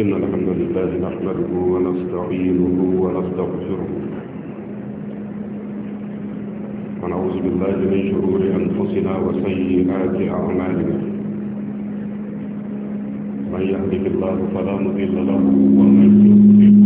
إن الحمد لله نحمده ونستعينه ونستغفره ونعوذ بالله من شرور أنفسنا وسيئات أعمالنا من يهدك الله فلا مضل له ومن يضلل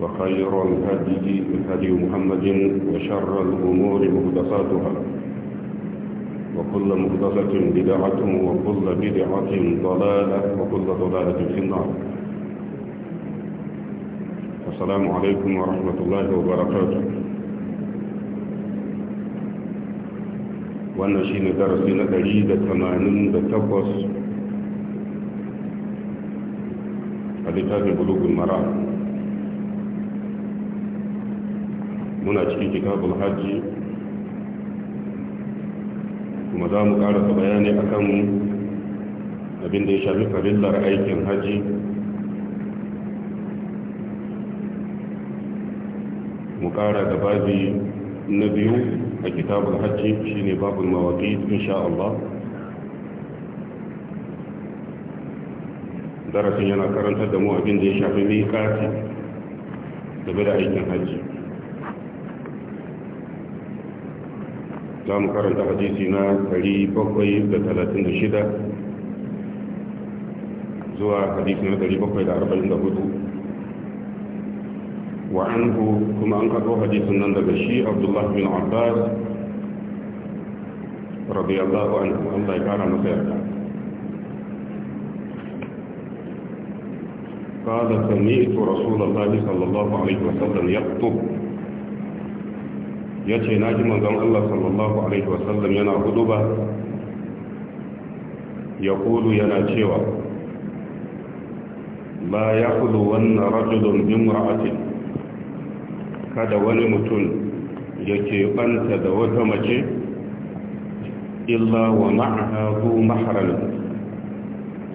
وخير الهدي هدي محمد وشر الأمور مهدساتها وكل مهدسة بدعة وكل بدعة ضلالة وكل ضلالة في النار السلام عليكم ورحمة الله وبركاته وانا شين ne darasi na بتقص a littafin بلوك المرأة muna cikin kitabul hajji kuma za mu karasa bayani akan abin da ya shafi farillar aikin hajji mu kara da babi na biyu a kitabul hajji shine babul mawaqit insha Allah darasin yana karantar da mu abin da ya shafi miƙati game da aikin hajji za mu karanta hadisi na 736 zuwa hadisi na 744 wa anhu kuma an karɓo hadisin nan daga shi abdullahi bin abbas radiyallahu anhu Allah ya kara masa yarda قال سمعت رسول الله صلى الله عليه وسلم يخطب ya ce na ji manzon Allah sallallahu alaihi wasallam yana hudu ba ya kulu yana cewa ba ya kulu wannan rajulun jimra'atin kada wani mutum ya keɓanta da wata mace illa wa ma'aha maharar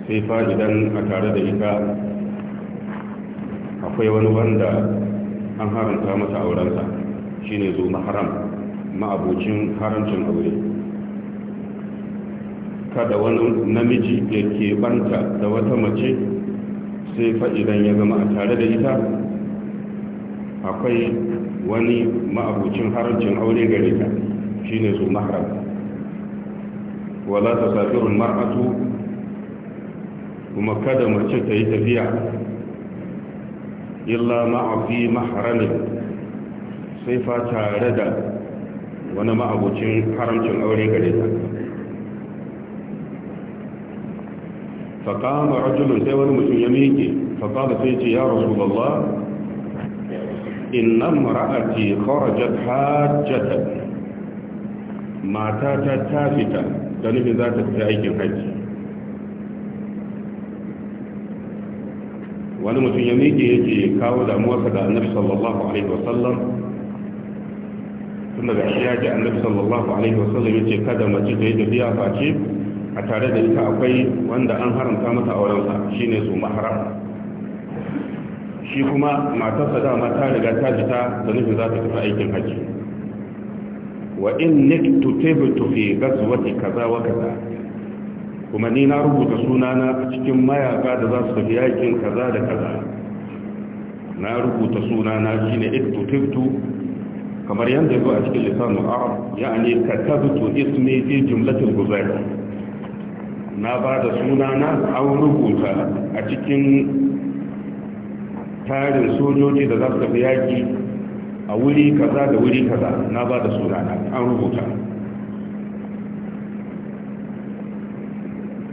sai fa idan a tare da ita akwai wani wanda an haramta masa aurensa shine zo maharam ma'abocin haramcin aure kada wani namiji ya banta da wata mace sai fa'idan ya zama a tare da ita akwai wani abocin haramcin aure gare ta shine zo maharam wala ta safirun kuma kada mace ta yi tafiya illa ma'afi maharamin sai fa tare da wani ma'abocin haramcin aure gare ta faƙama rajulun sai wani mutum ya miƙe faƙama sai ce ya rasu Allah innan ra'ati kharajat hajjatan mata ta ta fita da nufin za ta fita aikin hajji wani mutum ya miƙe ya ke kawo damuwarsa ga annabi sallallahu alaihi wasallam tunda ga shi ya annabi sallallahu alaihi wasallam ya ce kada mace ta yi tafiya face a tare da ita akwai wanda an haramta masa aurensa shine su mahram shi kuma matarsa dama ta riga ta jita da nufin za ta tafi aikin haji wa in niktu tabtu fi ghazwati kaza wa kaza kuma ni na rubuta sunana a cikin mayaka da za su tafi yakin kaza da kaza na rubuta sunana shine iktu tabtu kamar yadda ya a cikin lisanul arab ya'ani katabtu ismi fi jumlatil guzari na ba da sunana an rubuta a cikin tarin sojoji da za su tafi yaƙi a wuri kaza da wuri kaza na ba da sunana an rubuta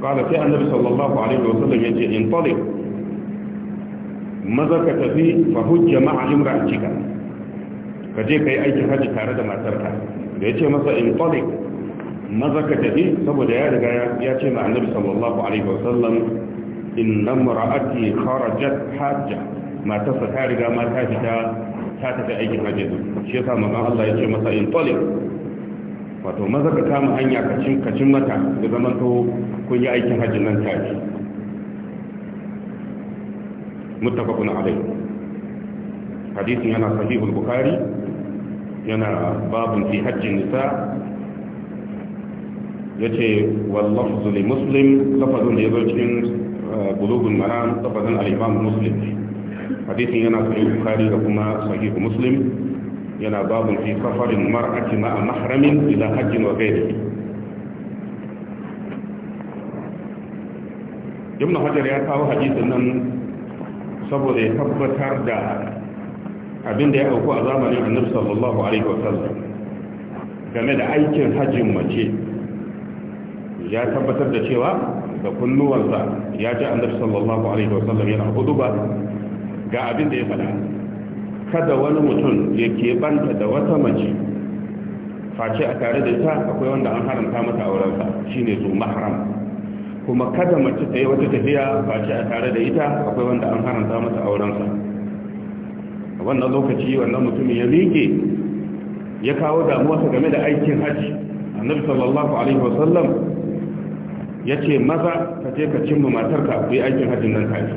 ƙada sai annabi sallallahu alaihi wasallam ya ce in talik maza ka tafi fa hujja ma'a imra'atika ka je ka yi aikin haji tare da matarka da ya ce masa in talik maza ka tafi saboda ya riga ya ce ma annabi sallallahu alaihi wasallam inna mar'ati kharajat hajja matarsa ta riga ma ta fita ta tafi aikin hajji shi yasa manzon Allah ya ce masa in talik wato maza ka kama hanya kacin kacin mata da zaman to kun yi aikin haji nan ta tare muttafaqun alayhi hadisin yana sahihul bukhari yana babun fi hajji nisa ya ce wallafu li muslim lafazin da ya zo cikin eh, bulugun maram lafazin al'imam muslim hadisin yana sahih bukhari da kuma sahih muslim yana babun fi safarin mar'ati ma'a mahramin ila hajjin wa gairi ibn hajar ya kawo hadisin nan saboda ya tabbatar da abin da ya auku a zamanin annabi sallallahu alaihi wasallam game da aikin hajjin mace ya tabbatar da cewa da kunnuwansa ya ji annabi sallallahu alaihi wasallam yana huduba ga abin da ya faɗa kada wani mutum ya keɓanta da wata mace face a tare da ita akwai wanda an haramta mata aurensa shine zu mahram kuma kada mace ta yi wata tafiya face a tare da ita akwai wanda an haramta mata aurensa a wannan lokaci wannan mutumin ya miƙe ya kawo damuwarsa game da aikin hajji annabi sallallahu alaihi wasallam ya ce maza ka je ka cimma matarka ku yi aikin hajjin nan tare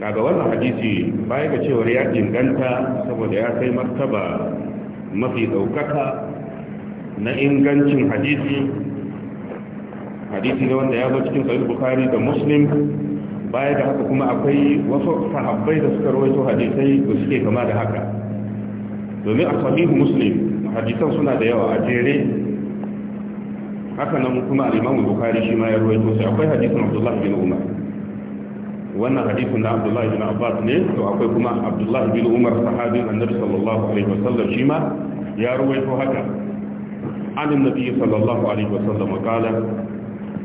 kaga wannan hadisi baya ga cewar ya inganta saboda ya kai martaba mafi ɗaukaka na ingancin hadisi hadisi ne wanda ya zo cikin sahih bukhari da muslim baya da haka kuma akwai wasu sahabbai da suka rawaito hadisai da suke kama da haka domin a sahihu muslim hadisan suna da yawa a jere haka nan kuma al-imamu bukhari shi ma ya rawaito sai akwai hadisin abdullahi bin umar wannan hadisin na abdullahi bin abbas ne to akwai kuma abdullahi bin umar sahabin annabi sallallahu alaihi wasallam shi ma ya rawaito haka an annabi sallallahu alaihi wasallam qala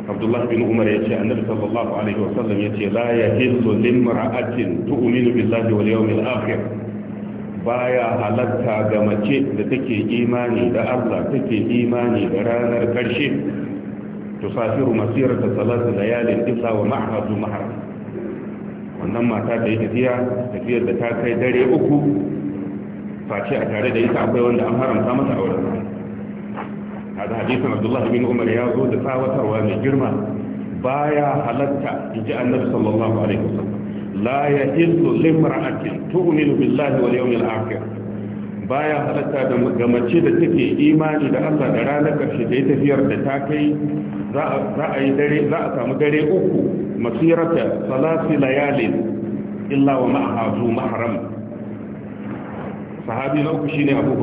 abdullahi bin umar ya ce annabi sallallahu alaihi wasallam ya ce la ya hillu limra'atin tu'minu billahi wal yawmil akhir baya halatta ga mace da take imani da Allah take imani da ranar karshe tusafiru masirata salatu layalin illa wa ma'hadu mahram wannan mata da yi tafiya tafiyar da ta kai dare uku face a tare da ita akwai wanda an haramta masa auren هذا حديث عبد الله بن عمر يازو دساوة وان جرمة بايا حلتا جاء النبي صلى الله عليه وسلم لا يحل لامرأة تؤمن بالله واليوم الآخر baya halatta ga mace da take imani da Allah da ranar karshe da ya tafiyar da ta kai za a yi dare za a samu dare uku masirata salasi layalin illa wa sahabi na uku shine Abu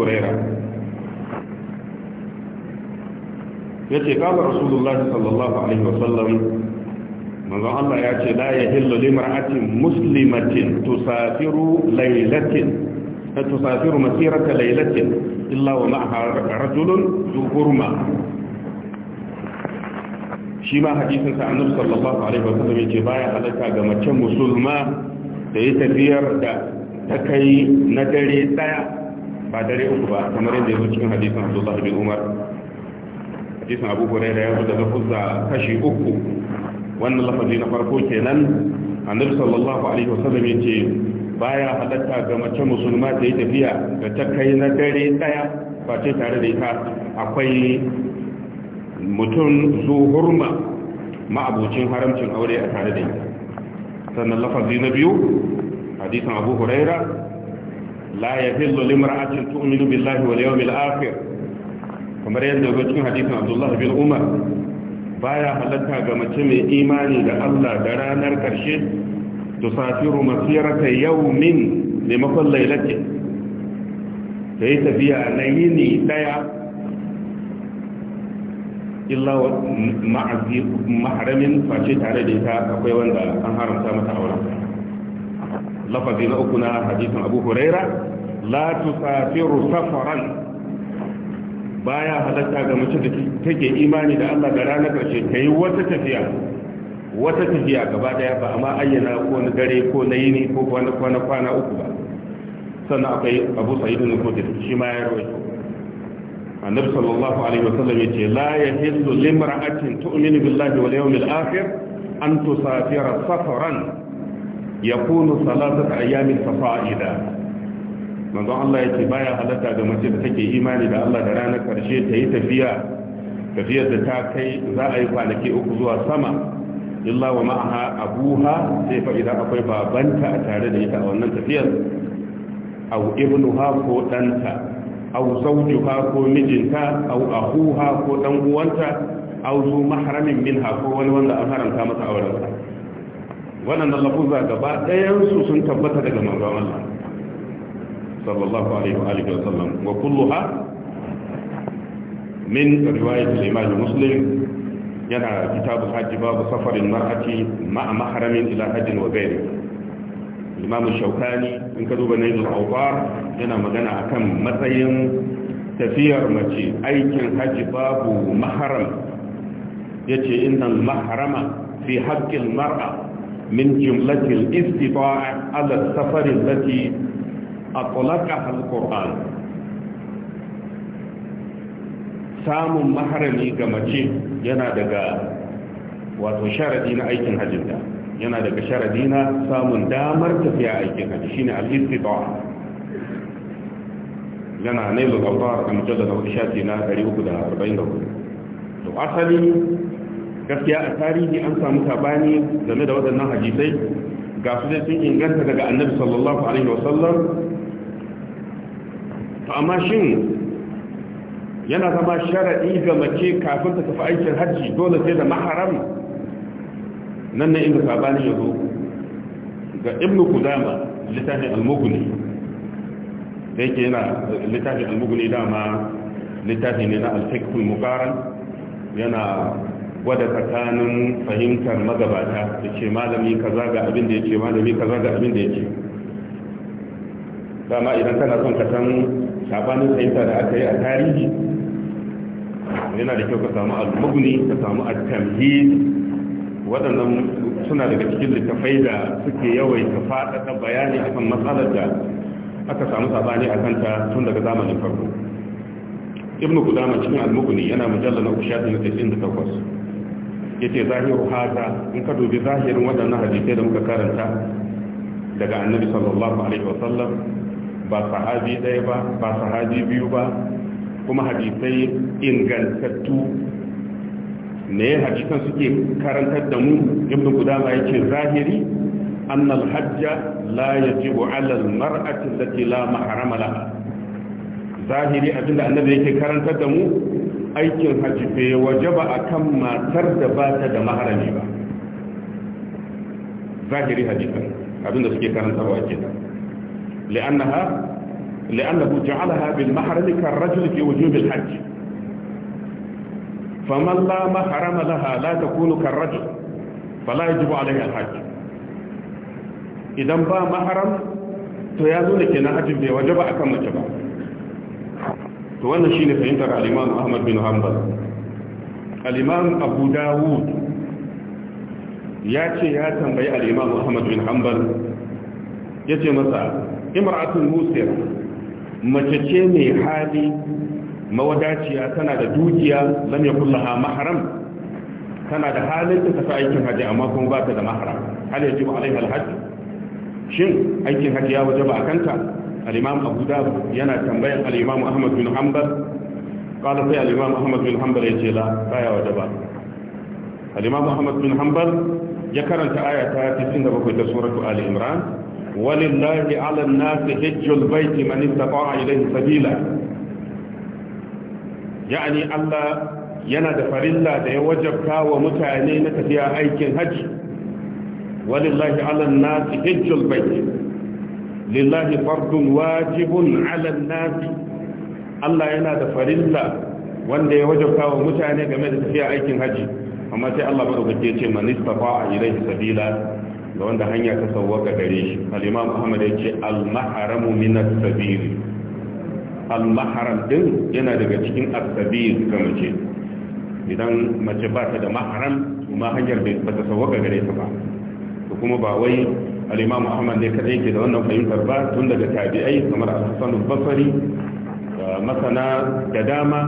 ya ce kawai rasulullahi sallallahu alaihi wasallam manzon Allah ya ce la ya hillu limar'atin muslimatin tusafiru lailatin eh, tusafiru masirata lailatin illa wa ma'aha rajulun zu shi ma hadisin sa sallallahu alaihi wasallam yace baya halaka ga mace musulma da ya tafiyar da ta kai na dare daya ba dare uku ba kamar yadda ya zo cikin hadisin Abdullah bin Umar hadisin abu huraira ya da lafuzza kashi uku wannan lafazi na farko kenan annabi sallallahu alaihi wasallam yace baya halatta ga mace musulma ta yi tafiya da ta kai na dare daya ce tare da ita akwai mutum zuhurma ma'abucin haramcin aure a tare da ita sannan lafazi na biyu hadisin abu huraira la yahillu limra'atin tu'minu billahi wal yawmil akhir kamar yadda zo cikin hadisin Abdullah bin Umar baya halatta ga mace mai imani da Allah da ranar karshe tusafiru masirata yawmin limakon lailati ta yi tafiya na yini daya illa ma'aramin face tare da ita akwai wanda an haramta mata auren lafazi na uku na hadisin abu huraira la tusafiru safaran baya halatta ga mace da take imani da Allah da ranar karshe ta yi wata tafiya wata tafiya gaba daya ba amma ayyana ko na dare ko na yini ko kwana kwana kwana uku ba sannan akwai abu sa'id ibn khudri shi ma ya rawaito annabi sallallahu alaihi wasallam yace la yahillu limra'atin tu'minu billahi wal yawmil akhir an tusafira safaran yakunu salatata ayyamin fasa'ida manzon Allah ya ce baya halatta ga mace da take imani da Allah da ranar karshe ta yi tafiya tafiyar da ta kai za a yi kwanaki uku zuwa sama illa wa ma'aha abuha sai fa idan akwai babanta a tare da ita a wannan tafiyar au ibnuha ko danta au zawjuha ko mijinta au ahuha ko dan uwanta au zu mahramin minha ko wani wanda an haramta masa aurensa wannan lafuzza gaba ɗayan su sun tabbata daga manzon Allah صلى الله عليه وآله وسلم وكلها من رواية الإمام مسلم ينا كتاب الحج باب سفر المرأة مع محرم إلى حج وغيره الإمام الشوكاني إن كتب نيل الأوبار ينا مدنا أكم مثيم تفير مجي أي كان حج باب محرم يجي إن المحرم في حق المرأة من جملة الاستطاعة على السفر التي atlaqaha alquran samun maharami ga mace yana daga wato sharadi na aikin hajjinta yana daga sharadi na samun damar tafiya aikin hajji shine al-istita'a yana nailul awtar a mujallad al-shati na 344 to asali gaskiya a tarihi an samu sabani game da waɗannan hadisai ga su dai sun inganta daga annabi sallallahu amma shin yana zama sharaɗi ga mace kafin ta tafi aikin hajji dole sai da maharam nan na inda sabani ya zo ga ibnu kudama littafin almuguni da yake yana littafin almuguni dama littafi ne na alfikul mukaran yana gwada tsakanin fahimtar magabata da ce malami kaza ga abin da ya ce malami kaza ga abin da ya ce dama idan kana son ka san sabanin fahimta da aka yi a tarihi yana da kyau ka samu al-mughni ka samu at-tamhid waɗannan suna daga cikin littafai da suke yawaita faɗaɗa bayani akan matsalar da aka samu sabani akan ta tun daga zamanin farko ibnu kudama cikin al-mughni yana mujallal na 98 yace zahiru hada in ka dubi zahirin waɗannan hadisai da muka karanta daga annabi sallallahu alaihi wasallam ba sahabi ɗaya ba ba sahabi biyu ba kuma hadisai ingantattu ne hadisan suke karantar da mu ibn qudama yake zahiri anna al-hajja la yajibu 'ala al-mar'ati allati la mahrama laha zahiri abinda annabi yake karantar da mu aikin haji bai wajaba akan matar da ba ta da maharami ba zahiri hadisan abinda suke karantarwa kenan لأنها لأنه جعلها بالمحرم كالرجل في وجوب الحج فمن لا محرم لها لا تكون كالرجل فلا يجب عليه الحج إذا با محرم تيازون كنا حج بي وجب أكم جبا وانا شيني فإنتر الإمام أحمد بن حنبل الإمام أبو داود ياتي ياتم بي الإمام أحمد بن حنبل يتي مسأل imra'atul musir mace ce mai hali mawadaciya tana da dukiya lam yakul laha mahram tana da halin ta tafi aikin haji amma kuma ba ta da mahram hal yajibu alaiha alhajj shin aikin haji ya wajaba akanta al-imam abu dawud yana tambayan al-imam ahmad bin hanbal قال في الإمام أحمد بن حنبل يجي لا لا يا وجبا الإمام Ahmad bin حنبل ya karanta aya ta 97 ta suratu Ali Imran walillahi 'ala an-nasi hajjul baiti man istata'a ilayhi sabila ya'ni Allah yana da farilla da ya wajabta wa mutane na tafiya aikin haji walillahi 'ala nasi hajjul baiti lillahi fardun wajibun 'ala nasi Allah yana da farilla wanda ya wajabta wa mutane game da tafiya aikin haji amma sai Allah madaukake ya ce man istafa ilaihi sabila da wanda hanya ta sawwaka gare shi al-imam Muhammad ya ce al-mahramu min as-sabil al-mahram din yana daga cikin as-sabil ga mace idan mace ba ta da mahram kuma hanyar bai ta sawwaka gare ta ba to kuma ba wai al-imam Muhammad ne kadai ke da wannan fahimtar ba tun daga tabi'ai kamar Hassan al-Basri masana da dama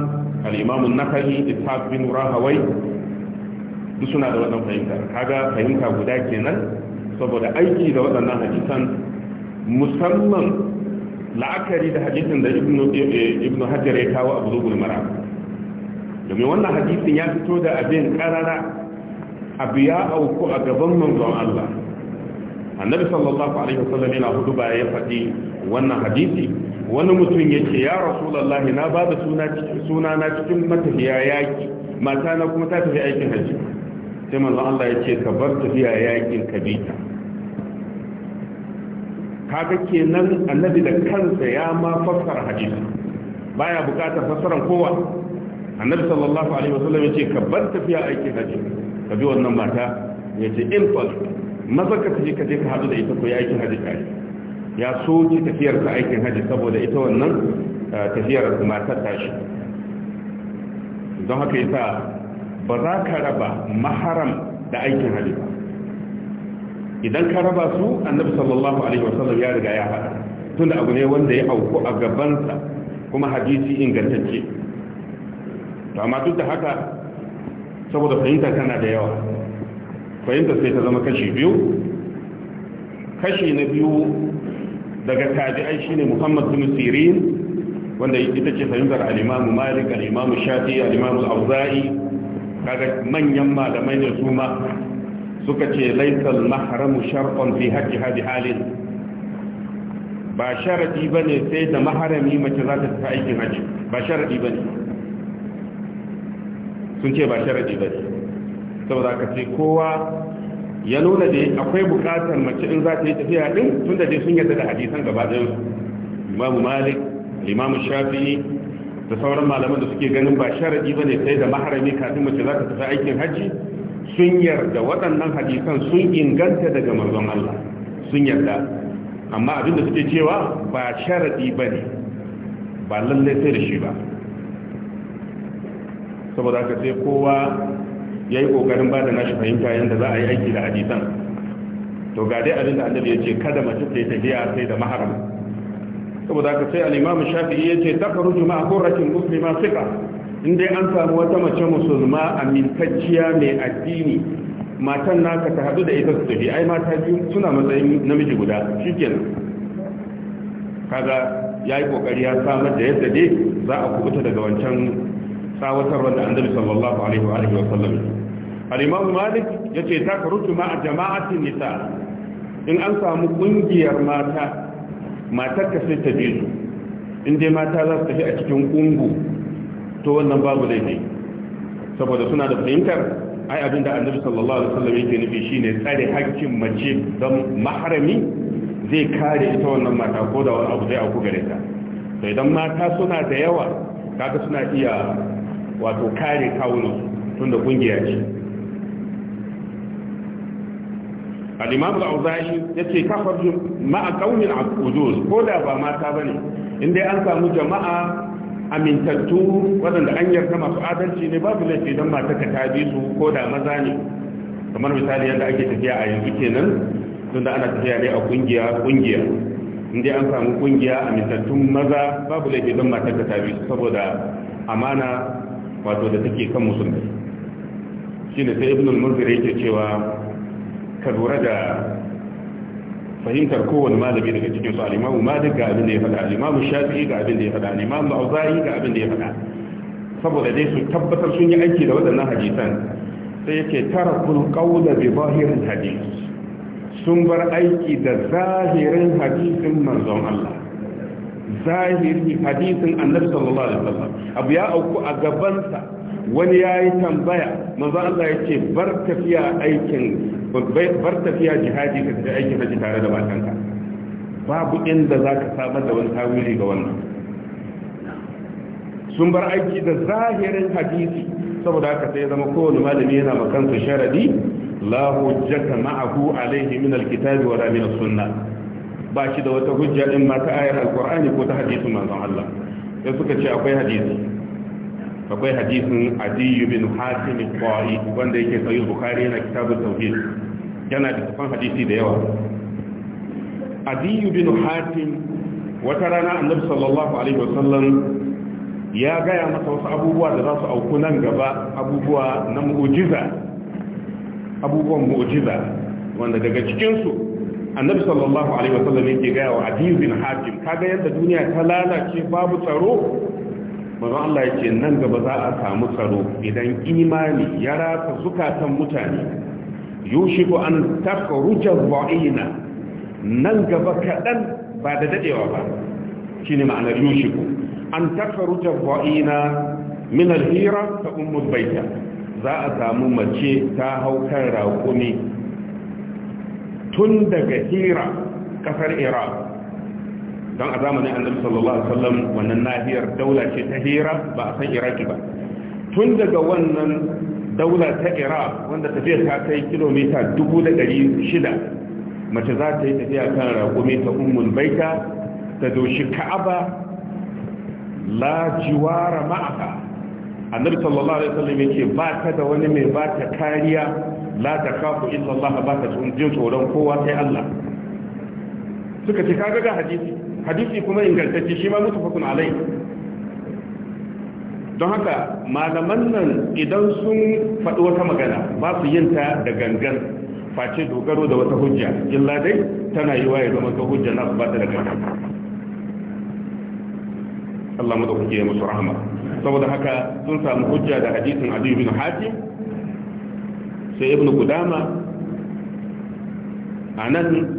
al-imam an-Nakhai Ishaq bin Rahawai duk suna da wannan fahimta kaga fahimta guda kenan saboda aiki da waɗannan hadisan musamman la'akari da hadisin da ibnu eh, eh, hajar ya kawo a buzugul mara domin wannan hadisin ya fito da abin karara abu ya auku a gaban manzon Allah annabi sallallahu alaihi wasallam yana hudu ba ya faɗi wannan hadisi wani mutum ya ce ya rasulallah na ba da suna na cikin matafiya yaki mata na kuma ta tafi aikin hajji sai manzo Allah ya ce ka bar tafiya yakin kabita kaga kenan annabi da kansa ya ma fassara hadisi baya bukatar fassaran kowa annabi sallallahu alaihi wasallam ya ce ka bar tafiya aikin haji ka bi wannan mata ya ce in fa maza ka tafi ka je ka hadu da ita ko aikin haji kai ya soki tafiyar ka aikin haji saboda ita wannan eh, tafiyar matar ta shi don haka yasa ba za ka raba maharam da aikin hajji ba idan ka raba su annabi sallallahu alaihi wasallam ya riga ya haɗa tunda abu ne wanda ya auku a gabansa kuma hadisi ingantacce to amma duk da haka saboda fahimta kana da yawa fahimta sai ta zama kashi biyu kashi na biyu daga tabi'ai shine Muhammad bin Sirin wanda ita ce fahimtar al-Imam Malik al-Imam Shafi'i al-Imam Al-Auza'i kaga manyan malamai ne su ma suka ce laisal mahramu sharqan fi haqqi hadi halin ba sharadi bane sai da maharami mace za ta tafi aikin haji ba sharadi bane sun ce ba sharadi bane saboda ka ce kowa ya nuna da akwai bukatar mace in za ta yi tafiya din tunda dai sun yarda da hadisan gaba ɗayan imamu malik imamu shafi'i da sauran malaman da suke ganin ba sharadi bane sai da maharami kafin mace za ta tafi aikin hajji sun yarda waɗannan hadisan sun inganta daga manzon Allah sun yarda amma abin da suke cewa ba sharadi bane ba lalle sai da shi ba saboda haka sai kowa ya yi ƙoƙarin ba da nashi fahimta yadda za a yi aiki da hadisan to ga dai abin da annabi ya ce kada mace ta yi tafiya sai da maharami saboda ka sai al-imam shafi'i yace takhruju ma'a qurratin muslima suka. in dai an samu wata mace musulma amintacciya mai addini matan naka ta hadu da ita su tafi ai mata biyu suna matsayin namiji guda shikenan kaga yayi kokari ya samar da yadda dai za a kubuta daga wancan tsawatarwar da annabi sallallahu alaihi wa alihi wa sallam al-imam malik yace ma a jama'atin nisa in an samu kungiyar mata matarka sai ta bi su in dai mata za su tafi a cikin kungu to wannan babu laifi saboda suna da fahimtar ai abin da annabi sallallahu alaihi wasallam yake nufi shine tsare hakkin mace don maharami zai kare ita wannan mata ko da wani abu zai auku gare ta to idan mata suna da yawa kaga suna iya wato kare kawunan tunda kungiya ce al-imam al-auza'i yace kafar ma'a qaumin ujuz ko da ba mata bane in an samu jama'a amintattu waɗanda an yarda masu adalci ne babu laifi don mata ka ta su ko da maza ne kamar misali yadda ake tafiya a yanzu kenan tunda ana tafiya ne a kungiya kungiya inda an samu kungiya amintattun maza babu laifi don matar ta tabi saboda amana wato da take kan musulmai shi ne sai ibnu al-munzir yake cewa ka lura da fahimtar kowane malami daga cikin su alimamu malik ga abin da ya faɗa alimamu shafi'i ga abin da ya faɗa alimamu auza'i ga abin da ya faɗa saboda dai su tabbatar sun yi aiki da waɗannan hadisan sai yake tara kun kauda bi zahirin hadis sun bar aiki da zahirin hadisin manzon Allah zahiri hadisin annabi sallallahu alaihi wasallam abu ya auku a gabansa wani ya yi tambaya manzon Allah ya ce bar tafiya aikin bar tafiya jihadi ka tafi aiki haji tare da matanka babu inda za ka samar da wani tawili ga wannan sun bar aiki da zahirin hadisi saboda haka sai zama kowane malami yana makansa sharadi la hujjata ma'ahu alaihi min alkitabi wa min sunna ba shi da wata hujja din ma ta ayar alqur'ani ko ta hadisin manzon Allah sai suka ce akwai hadisi akwai hadisin adiyu bin hatim al-qawi wanda yake sahih bukhari yana kitabu tauhid yana da tafan hadisi da yawa adiyu bin hatim wata rana annabi sallallahu alaihi wasallam ya gaya masa wasu abubuwa da za su auku nan gaba abubuwa na mu'jiza abubuwan mu'jiza wanda daga cikinsu annabi sallallahu alaihi wasallam yake gaya wa adiyu bin hatim kaga yadda duniya ta lalace babu tsaro manzon Allah ya ce nan gaba za a samu tsaro idan imani ya rasa zukatan mutane yushiku an takhruja dha'ina nan gaba kaɗan ba da dadewa ba shine ma'anar yushiku an takhruja dha'ina min al-hira ta ummul baita za a samu mace ta hau kan raƙumi tun daga hira ƙasar iraq don a zamanin annabi sallallahu alaihi wasallam wannan nahiyar daula ce ta hira ba a san iraki ba tun daga wannan daula ta iraq wanda tafiya ta kai kilomita 600 mace za ta yi tafiya kan raƙumi ta ummul baita ta doshi ka'aba la jiwara ma'aka annabi sallallahu alaihi wasallam yake ba ta da wani mai ba ta kariya la ta kafu illa Allah ba ta tsoron kowa sai Allah suka ce kaga ga hadisi hadisi kuma ingantacce shi ma mutafakun alai don haka malaman nan idan sun faɗi wata magana ba su yin ta da gangan face dogaro da wata hujja illa dai tana yi waye zama ta hujja na ba ta da gangan Allah mu dauke ya musu rahama saboda haka sun samu hujja da hadisin Ali bin Hatim sai Ibn Qudama anan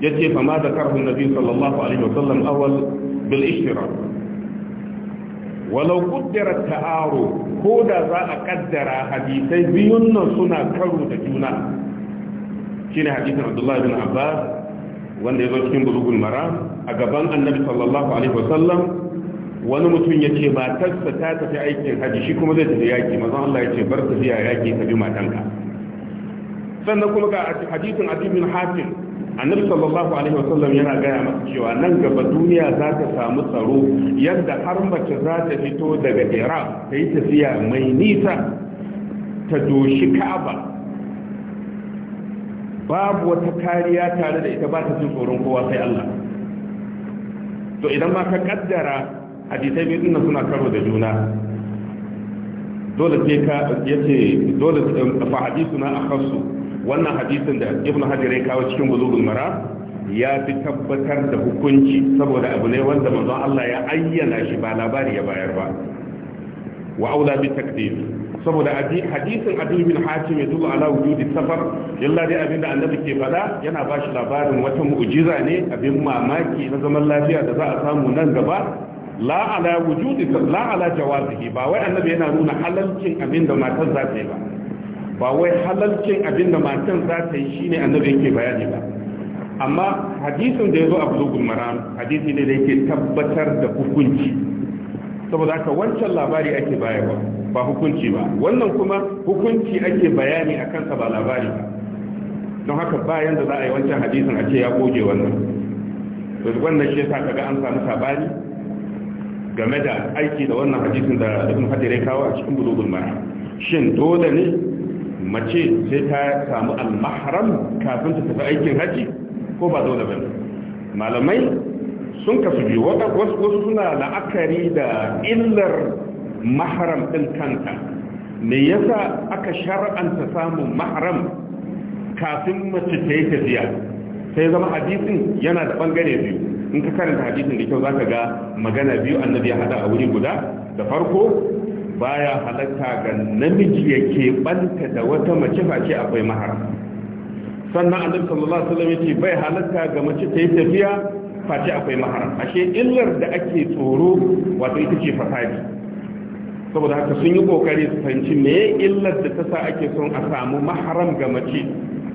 yace fa ma zakarhu nabi sallallahu alaihi wa sallam awal bil ishtira walau qaddara ta'aru ko da za a kaddara hadisai biyun nan suna karo da juna shine hadisin Abdullah ibn Abbas wanda yazo cikin bulugul maram a gaban annabi sallallahu alaihi wa sallam wani mutum ya ce ba ta ta tafi aikin haji shi kuma zai tafi yaki mazan Allah ya ce bar tafiya yaki ka bi matanka sannan kuma ga hadisin Abi bin Hatim annabi sallallahu alaihi wasallam yana gaya masa cewa nan gaba duniya za ta samu tsaro yadda har mace za ta fito daga ira ta yi tafiya mai nisa ta doshi ka'aba babu wata kariya tare da ita ba ta jin tsoron kowa sai Allah to idan ma ka kaddara hadisai biyu nan suna karo da juna dole sai ka yace dole eh, fa hadisuna akhasu wannan hadisin da ibn hajar ya kawo cikin bulugul mara ya fi tabbatar da hukunci saboda abu ne wanda manzon Allah ya ayyana shi ba labari ya bayar ba wa aula bi takdir saboda hadisin adu bin hatim ya duba ala wujudi safar yalla dai abinda annabi ke faɗa yana ba shi labarin wata mu'jiza ne abin mamaki na zaman lafiya da za a samu nan gaba la ala wujudi la ala jawazihi ba wai annabi yana nuna halalcin abinda matar za ta yi ba ba wai halalcin abin da matan za ta yi shine annabi yake bayani ba amma hadisin da ya zo a bulugul maram hadisi ne da yake tabbatar da hukunci saboda haka wancan labari ake bayarwa ba hukunci ba wannan kuma hukunci ake bayani a kansa ba labari ba don haka bayan da za a yi wancan hadisin a ce ya goge wannan wannan shi yasa kaga an samu sabani game da aiki da wannan hadisin da ibn hajar ya kawo a cikin bulugul maram shin dole ne mace sai ta samu almahram kafin ta tafi aikin haji ko ba dole bane malamai sun kasu biyu wasu suna la'akari da illar mahram ɗin kanta me yasa aka shar'anta samun mahram kafin mace ta yi tafiya sai zama hadisin yana da bangare biyu in ka karanta hadisin da kyau zaka ga magana biyu annabi ya hada a wuri guda da farko baya halatta ga namiji yake banta da wata mace face akwai mahar sannan annabi sallallahu alaihi wasallam yace bai halatta ga mace ta yi tafiya face akwai mahar ashe illar da ake tsoro wato ita ce fasadi saboda haka sun yi kokari su fahimci me illar da ta sa ake son a samu maharam ga mace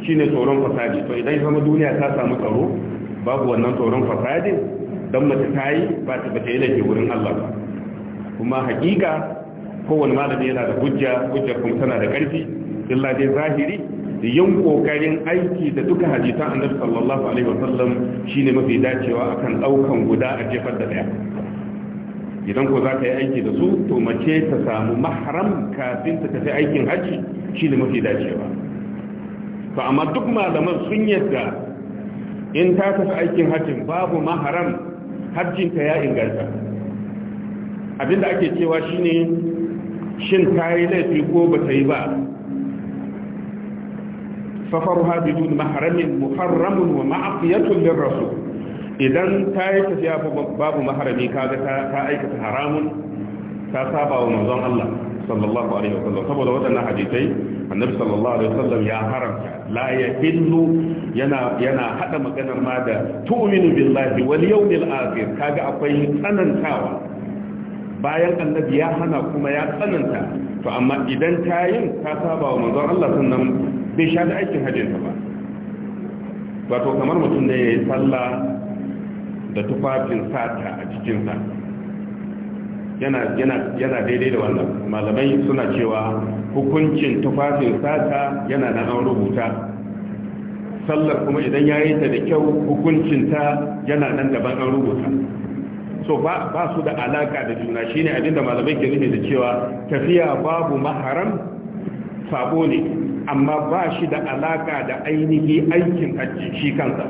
shine tsoron fasadi to idan zama duniya ta samu tsaro babu wannan tsoron fasadi dan mace ta yi ba ta bata yi ke wurin Allah ba kuma hakika kowane malami yana da hujja hujjar kuma tana da ƙarfi illa dai zahiri yin kokarin aiki da duka hadisan annabi sallallahu alaihi wasallam shine mafi dacewa akan daukan guda a jefar da daya idan ko za ka yi aiki da su to mace ta samu mahram kafin ta tafi aikin haji shine mafi dacewa to amma duk malaman sun yadda in ta tafi aikin hajjin babu mahram hajjinta ya inganta abinda ake cewa shine shin ta yi laifi ko ba ta yi ba safaruha bidun maharamin muharramun wa ma'afiyatun rasul idan ta yi tafiya babu maharami kaga ta aikata haramun ta saba wa manzon Allah sallallahu alaihi wasallam saboda wadannan hadisi annabi sallallahu alaihi wasallam ya haramta la ya yahillu yana yana hada maganar ma da tu'minu billahi wal yawmil akhir kaga akwai tsanantawa bayan annabi ya hana kuma ya tsananta to amma idan ta yin ta saba wa manzon Allah sannan bai sha da aikin hajjinta ba wato kamar mutum da ya yi sallah da tufafin sata a cikinsa. yana yana daidai da wannan malamai suna cewa hukuncin tufafin sata yana nan an rubuta sallar kuma idan ya yi ta da kyau hukuncinta yana nan daban an rubuta so ba ba su da alaka da juna shine abinda malamai ke nufi da cewa tafiya babu maharam sabo ne amma ba shi da alaka da ainihi aikin hajji shi kansa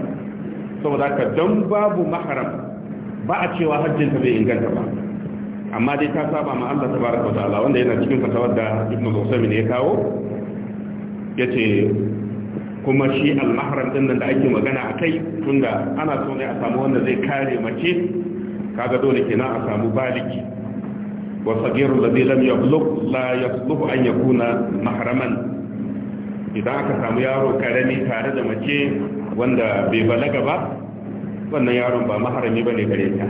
saboda ka don babu maharam ba a cewa hajjin ta bai inganta ba amma dai ta saba ma Allah tabaraka wa ta'ala wanda yana cikin fatawar da Ibn ne ya kawo yace kuma shi al-mahram din da ake magana akai tunda ana so ne a samu wanda zai kare mace kaga dole kenan a samu baligi wa sagirul ladhi lam yablugh la yasluhu an yakuna mahraman idan aka samu yaro karami tare da mace wanda bai balaga ba wannan yaron ba maharami bane gare ta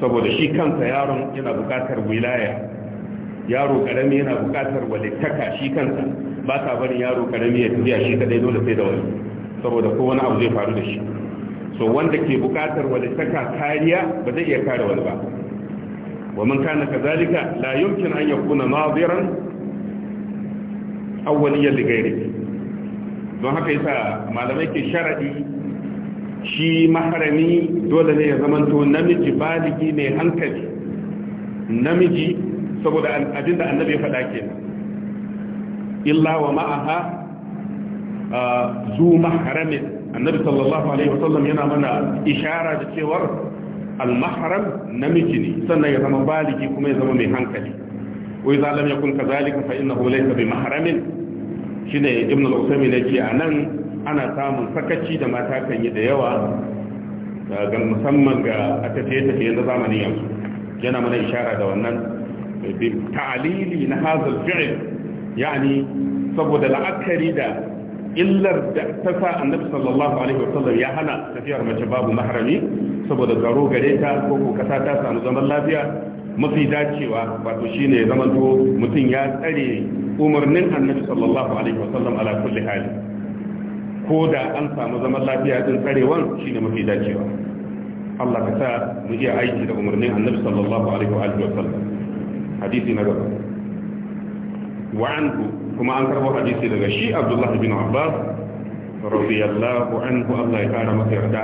saboda shi kansa yaron yana bukatar wilaya yaro karami yana bukatar walittaka shi kansa ba ta bari yaro karami ya tafiya shi kadai dole sai da wani saboda ko wani abu zai faru da shi So wanda ke bukatar saka kariya ba zai iya kare wani ba wa man kana kazalika la yumkin an yakuna nadiran awwaliyan li ghairihi don haka yasa malamai ke sharadi shi maharami dole ne ya zamanto namiji baligi mai hankali namiji saboda abinda annabi ya faɗa ke illa wa ma'aha ah, zu maharamin annabi sallallahu alaihi wasallam yana mana ishara da cewar al-mahram namiji ne sannan ya zama baligi kuma ya zama mai hankali wa idza lam yakun kadhalika fa innahu laysa bi mahramin shine ibn al-usaymi ne ce anan ana samun sakaci da mata kan yi da yawa ga musamman ga tafiye-tafiye na zamanin yanzu yana mana ishara da wannan ta'alili na hazal fi'il yani saboda la'akari da illar da ta sa annabi sallallahu alaihi wasallam ya hana tafiyar mace babu maharami saboda garo gare ta ko ko kasa ta samu zaman lafiya mafi dacewa wato shine mutum ya tsare umarnin annabi sallallahu alaihi wasallam ala kulli hali ko da an samu zaman lafiya din tsarewan shine mafi dacewa Allah ka sa mu iya aiki da umarnin annabi sallallahu alaihi hadisi na gaba wa kuma an karbo hadisi daga shi abdullahi bin abbas radiyallahu anhu Allah ya kara masa yarda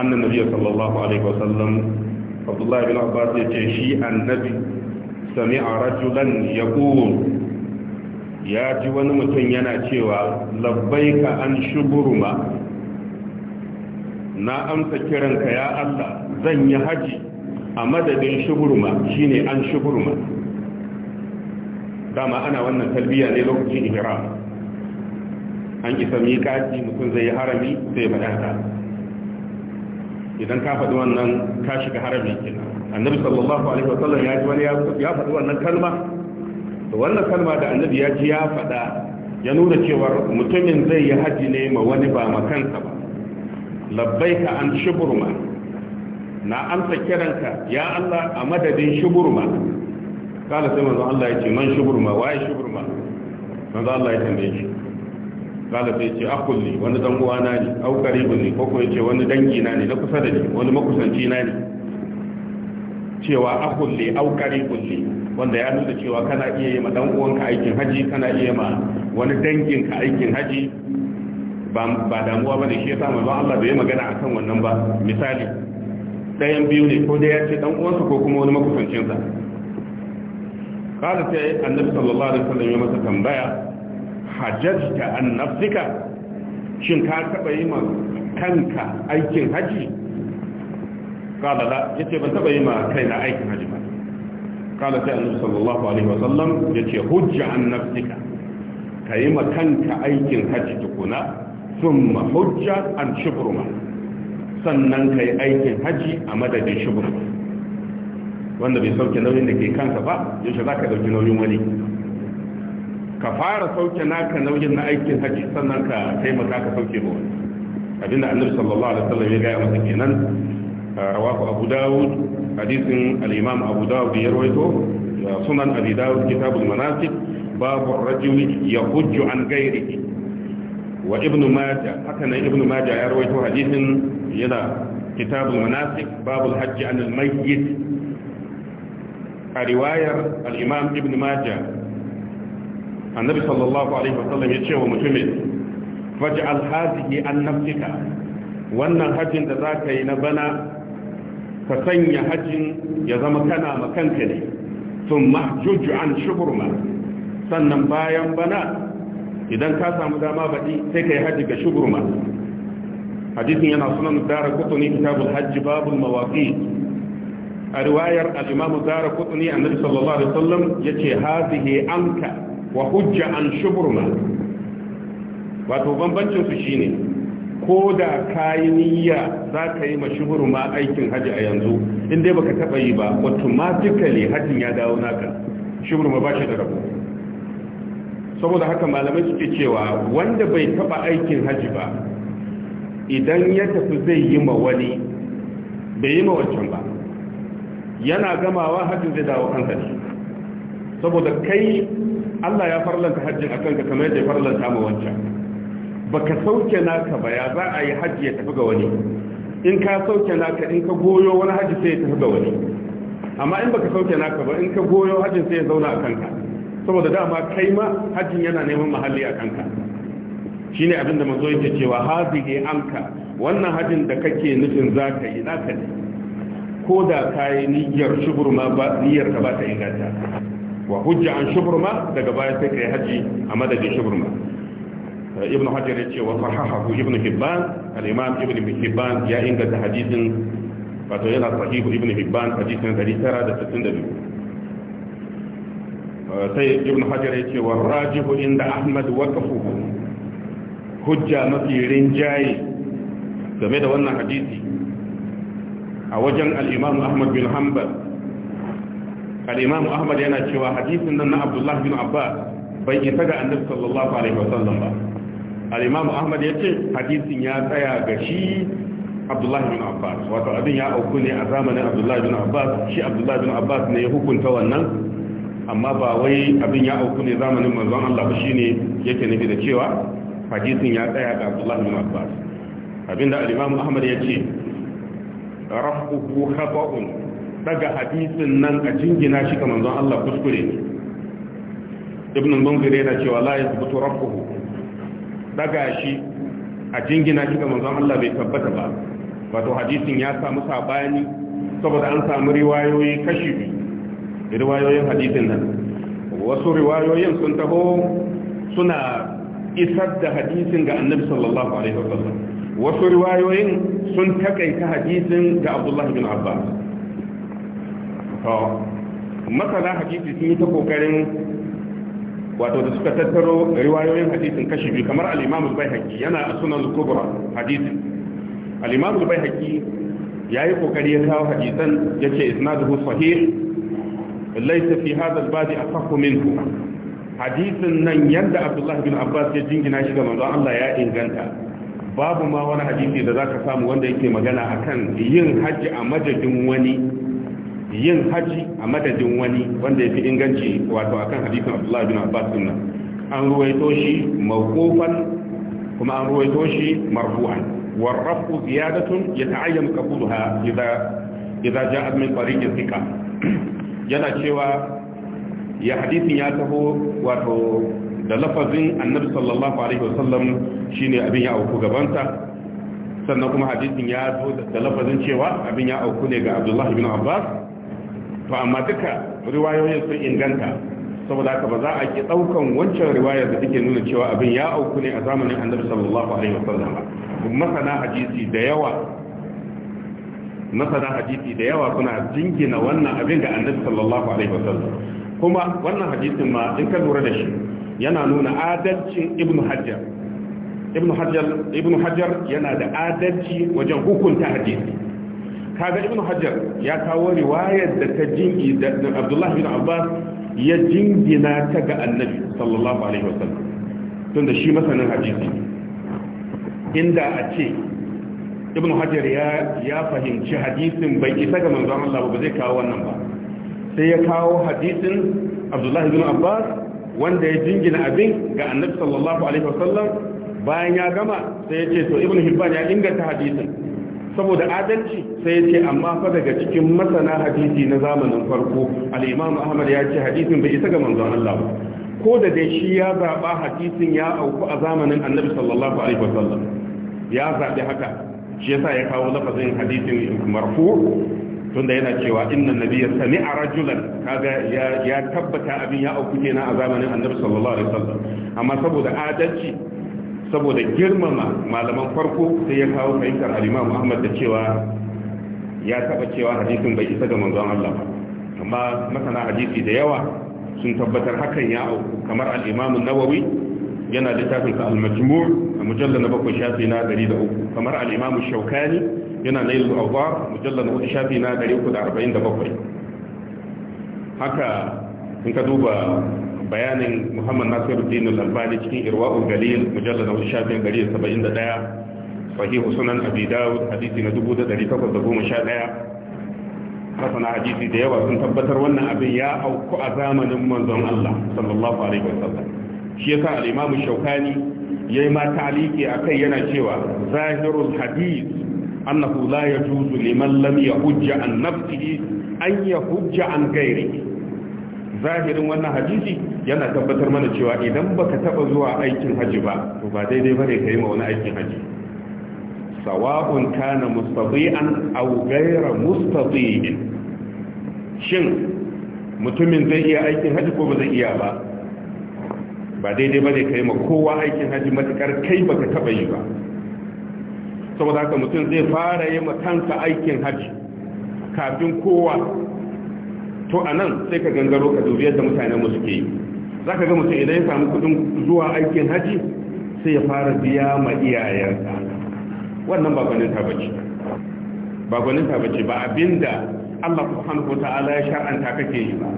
annan nabiyyi sallallahu alaihi wa sallam abdullahi bin abbas ya ce shi annabi sami'a rajulan yaqul ya ji wani mutum yana cewa labbaika an shuburuma na amsa kiranka ya Allah zan yi haji a madadin shuburma shine an shuburma dama ana wannan talbiya ne lokacin ihram an isa miƙaci mutum zai yi harami sai ya faɗa idan ka faɗi wannan ka shiga harami kenan annabi sallallahu alaihi wasallam ya ji wani ya faɗi wannan kalma to wannan kalma da annabi ya ji ya faɗa ya nuna cewar mutumin zai yi haji ne ma wani ba ma kansa ba labbaika an shuburma na amsa kiranka ya Allah a madadin shuburma kala sai manzo Allah ya ce man shuburma waye shuburma manzo Allah ya tambaye shi kala sai ce akulli wani dan na ne au karibu ne ko ko yace wani dangi na ne na kusa da ni wani makusanci na ne cewa akulli au karibu ne wanda ya nuna cewa kana iya yi ma dan uwanka aikin haji kana iya ma wani danginka aikin haji ba damuwa ba ne shi ya sa manzo Allah bai magana akan wannan ba misali dayan biyu ne ko dai ya ce dan uwansa ko kuma wani makusancinsa kala sai annabi sallallahu alaihi wasallam ya masa tambaya hajjata an nafsika shin ka taba yi ma kanka aikin haji kala la yace ban taba yi ma kaina aikin haji ba kala sai annabi sallallahu alaihi wasallam yace hujja an nafsika kayi ma kanka aikin haji tukuna thumma hujja an shubruma sannan kayi aikin haji a madadin shubruma wanda bai sauke nauyin da ke kanka ba yaushe za ka ɗauki nauyin wani ka fara sauke naka nauyin na aikin haji sannan ka taimaka ka sauke ba wani abinda annabi sallallahu alaihi wasallam ya gaya masa kenan rawahu abu dawud hadisin al-imam abu dawud ya rawaito sunan abi dawud kitabul manasik babu rajuli yahujju an ghairihi wa ibnu majah haka nan ibnu majah ya rawaito hadisin yana kitabul manasik babul hajji an al-mayyit a riwayar al'imam ibn maja annabi sallallahu alaihi wasallam ya ce wa mutumin faji alhazihi an nafsika wannan hajjin da za ka yi na bana ka sanya hajjin ya zama kana makanka ne sun mahjuju an shuburma sannan bayan bana idan ka samu dama baɗi sai ka yi hajji ga shugurma hadisin yana sunan dara kutuni kitabul hajji babul mawaƙi a riwayar al-imam zara kutuni nan sallallahu alaihi wasallam yace hazihi anka wa hujja an ba wato bambancin su shine ko da kayaniya za ka yi mashuburma aikin haji a yanzu in dai baka taba yi ba automatically hajji ya dawo naka shuburma ba shi da rabo saboda haka malamai suke cewa wanda bai taba aikin haji ba idan ya tafi zai yi ma wani bai yi ma wancan ba yana gamawa hajjin zai dawo kanka ne saboda kai Allah ya farlanta hajjin akan ka kamar yadda ya farlanta mu wancan baka sauke naka ba ya za a yi hajji ya tafi ga wani in ka sauke naka in ka goyo wani hajji sai ya tafi ga wani amma in baka sauke naka ba in ka goyo hajjin sai ya zauna a kanka saboda dama kai ma hajjin yana neman mahalli a kanka shine abin da manzo yake cewa hazihi anka wannan hajjin da kake nufin zaka yi naka ne ko da ka yi niyyar shuburma ba niyyar ka ba ta inganta wa hujja an shuburma daga baya sai ka yi haji a madadin shuburma ibn hajar ya ce wa ku ibn hibban al ibn hibban ya inganta hadisin wato yana sahihu ibn hibban hadisin 962 uh, sai ibn hajar ya ce wa rajihu inda ahmad waqafuhu hujja mafi rinjaye game da wannan hadisi a wajen al'imamu ahmad bin hanbal al'imamu ahmad yana cewa hadisin nan na abdullahi bin abbas bai isa ga annabi sallallahu alaihi wasallam ba al'imamu ahmad ya ce hadisin ya tsaya ga shi abdullahi bin abbas wato abin ya auku ne a zamanin abdullahi bin abbas shi abdullahi bin abbas ne ya hukunta wannan amma ba wai abin ya auku ne zamanin manzon allah ba shine yake nufi da cewa hadisin ya tsaya ga abdullahi bin abbas abinda al'imamu ahmad ya ce rafuhu khata'un daga hadisin nan a jingina shi ga manzon Allah kuskure ne ibn al-munzir yana cewa la yathbutu rafuhu daga shi a jingina shi ga manzon Allah bai tabbata ba wato hadisin ya samu sabani saboda an samu riwayoyi kashi biyu riwayoyin hadisin nan wasu riwayoyin sun taho suna isar da hadisin ga annabi sallallahu alaihi wasallam wasu riwayoyin sun takaita hadisin ga abdullahi bin abbas masana hadisi sun yi ta kokarin wato da suka tattaro riwayoyin hadisin kashi biyu kamar al-imam al-baihaqi yana a sunan kubra hadisi al-imam al-baihaqi yayi kokari ya kawo hadisan yace isnaduhu sahih laysa fi hadha al-badi asahhu minhu hadisin nan yadda abdullahi bin abbas ya jingina shi ga manzon Allah ya inganta babu ma wani hadisi da zaka samu wanda yake magana akan yin haji a madadin wani yin haji a madadin wani wanda fi inganci wato akan hadisin Abdullah bin Abbas din an ruwaito shi mawqufan kuma an ruwaito shi marfu'an warrafu ziyadatun yata'ayyan qabulaha idza idza ja'at min tariqin thiqa yana cewa ya hadisin ya taho wato da lafazin annabi sallallahu alaihi wasallam shine abin ya auku gabanta sannan kuma hadisin ya zo da lafazin cewa abin ya auku ne ga abdullahi bin abbas to amma duka riwayoyin sun inganta saboda haka ba za a ki daukan wancan riwayar da take nuna cewa abin ya auku ne a zamanin annabi sallallahu alaihi wasallam masana hadisi da yawa masana hadisi da yawa suna jingina wannan abin ga annabi sallallahu alaihi wasallam kuma wannan hadisin ma in ka lura da shi yana nuna adalcin ibnu hajjar ibn hajjar ibn hajjar yana da adalci wajen hukunta hadisi kaga ibn hajjar ya kawo riwayar da ta jingi da abdullahi bin abbas ya jingina ta ga annabi sallallahu alaihi wasallam da shi masanin hadisi inda a ce ibn hajjar ya fahimci hadisin bai isa ga manzon Allah ba zai kawo wannan ba sai ya kawo hadisin abdullahi bin abbas wanda ya jingina abin ga annabi sallallahu alaihi wasallam bayan ya gama sai ya ce to ibn hibban ya inganta hadisin saboda adalci sai ya ce amma fa daga cikin masana hadisi na zamanin farko al-imam ahmad ya ce hadisin bai isa ga manzon Allah ba ko da dai shi ya zaba hadisin ya auku a zamanin annabi sallallahu alaihi wasallam ya zabi haka shi yasa ya kawo lafazin hadisin marfu tunda yana cewa inna nabiyya sami'a rajulan kaga ya ya tabbata abin ya auku kenan a zamanin annabi sallallahu alaihi wasallam amma saboda adalci saboda girmama malaman farko sai ya kawo fahimtar alimam muhammad da cewa ya taba cewa hadisin bai isa ga manzon Allah ba amma masana hadisi da yawa sun tabbatar hakan ya auku kamar al-imam an-Nawawi yana littafin sa al-Majmu' mujallal na bakwai shafi na 103 kamar al-imam Shawkani yana Nail al-Awdar mujallal na shafi na 347 haka in ka duba bayanin muhammad nasiruddin al-albani cikin irwa'ul galil mujallad na shafin gari 71 sahih sunan abi dawud hadisi na 1811 masana hadisi da yawa sun tabbatar wannan abin ya auku a zamanin manzon Allah sallallahu alaihi wasallam shi yasa al-imam shaukani yayi ma taliki akai yana cewa zahirul hadith annahu la yajuzu liman lam yahujja an nafsihi an yahujja an ghairihi zahirin wannan hadisi yana tabbatar mana cewa idan baka taba zuwa aikin haji ba to ba daidai bane ka yi ma wani aikin haji sawa'un kana mustati'an aw ghayra mustati'in shin mutumin zai iya aikin haji ko ba zai iya ba ba daidai bane ka yi ma kowa aikin haji matuƙar kai baka taba yi ba saboda haka mutum zai fara yi ma kansa aikin haji kafin kowa to a nan sai ka gangaro ka dubi yadda mutanen mu suke yi za ka gama mutum idan ya samu kudin zuwa aikin haji sai ya fara biya ma iyayensa wannan ba bace ba ba abinda Allah subhanahu ta'ala ya shar'anta kake yi ba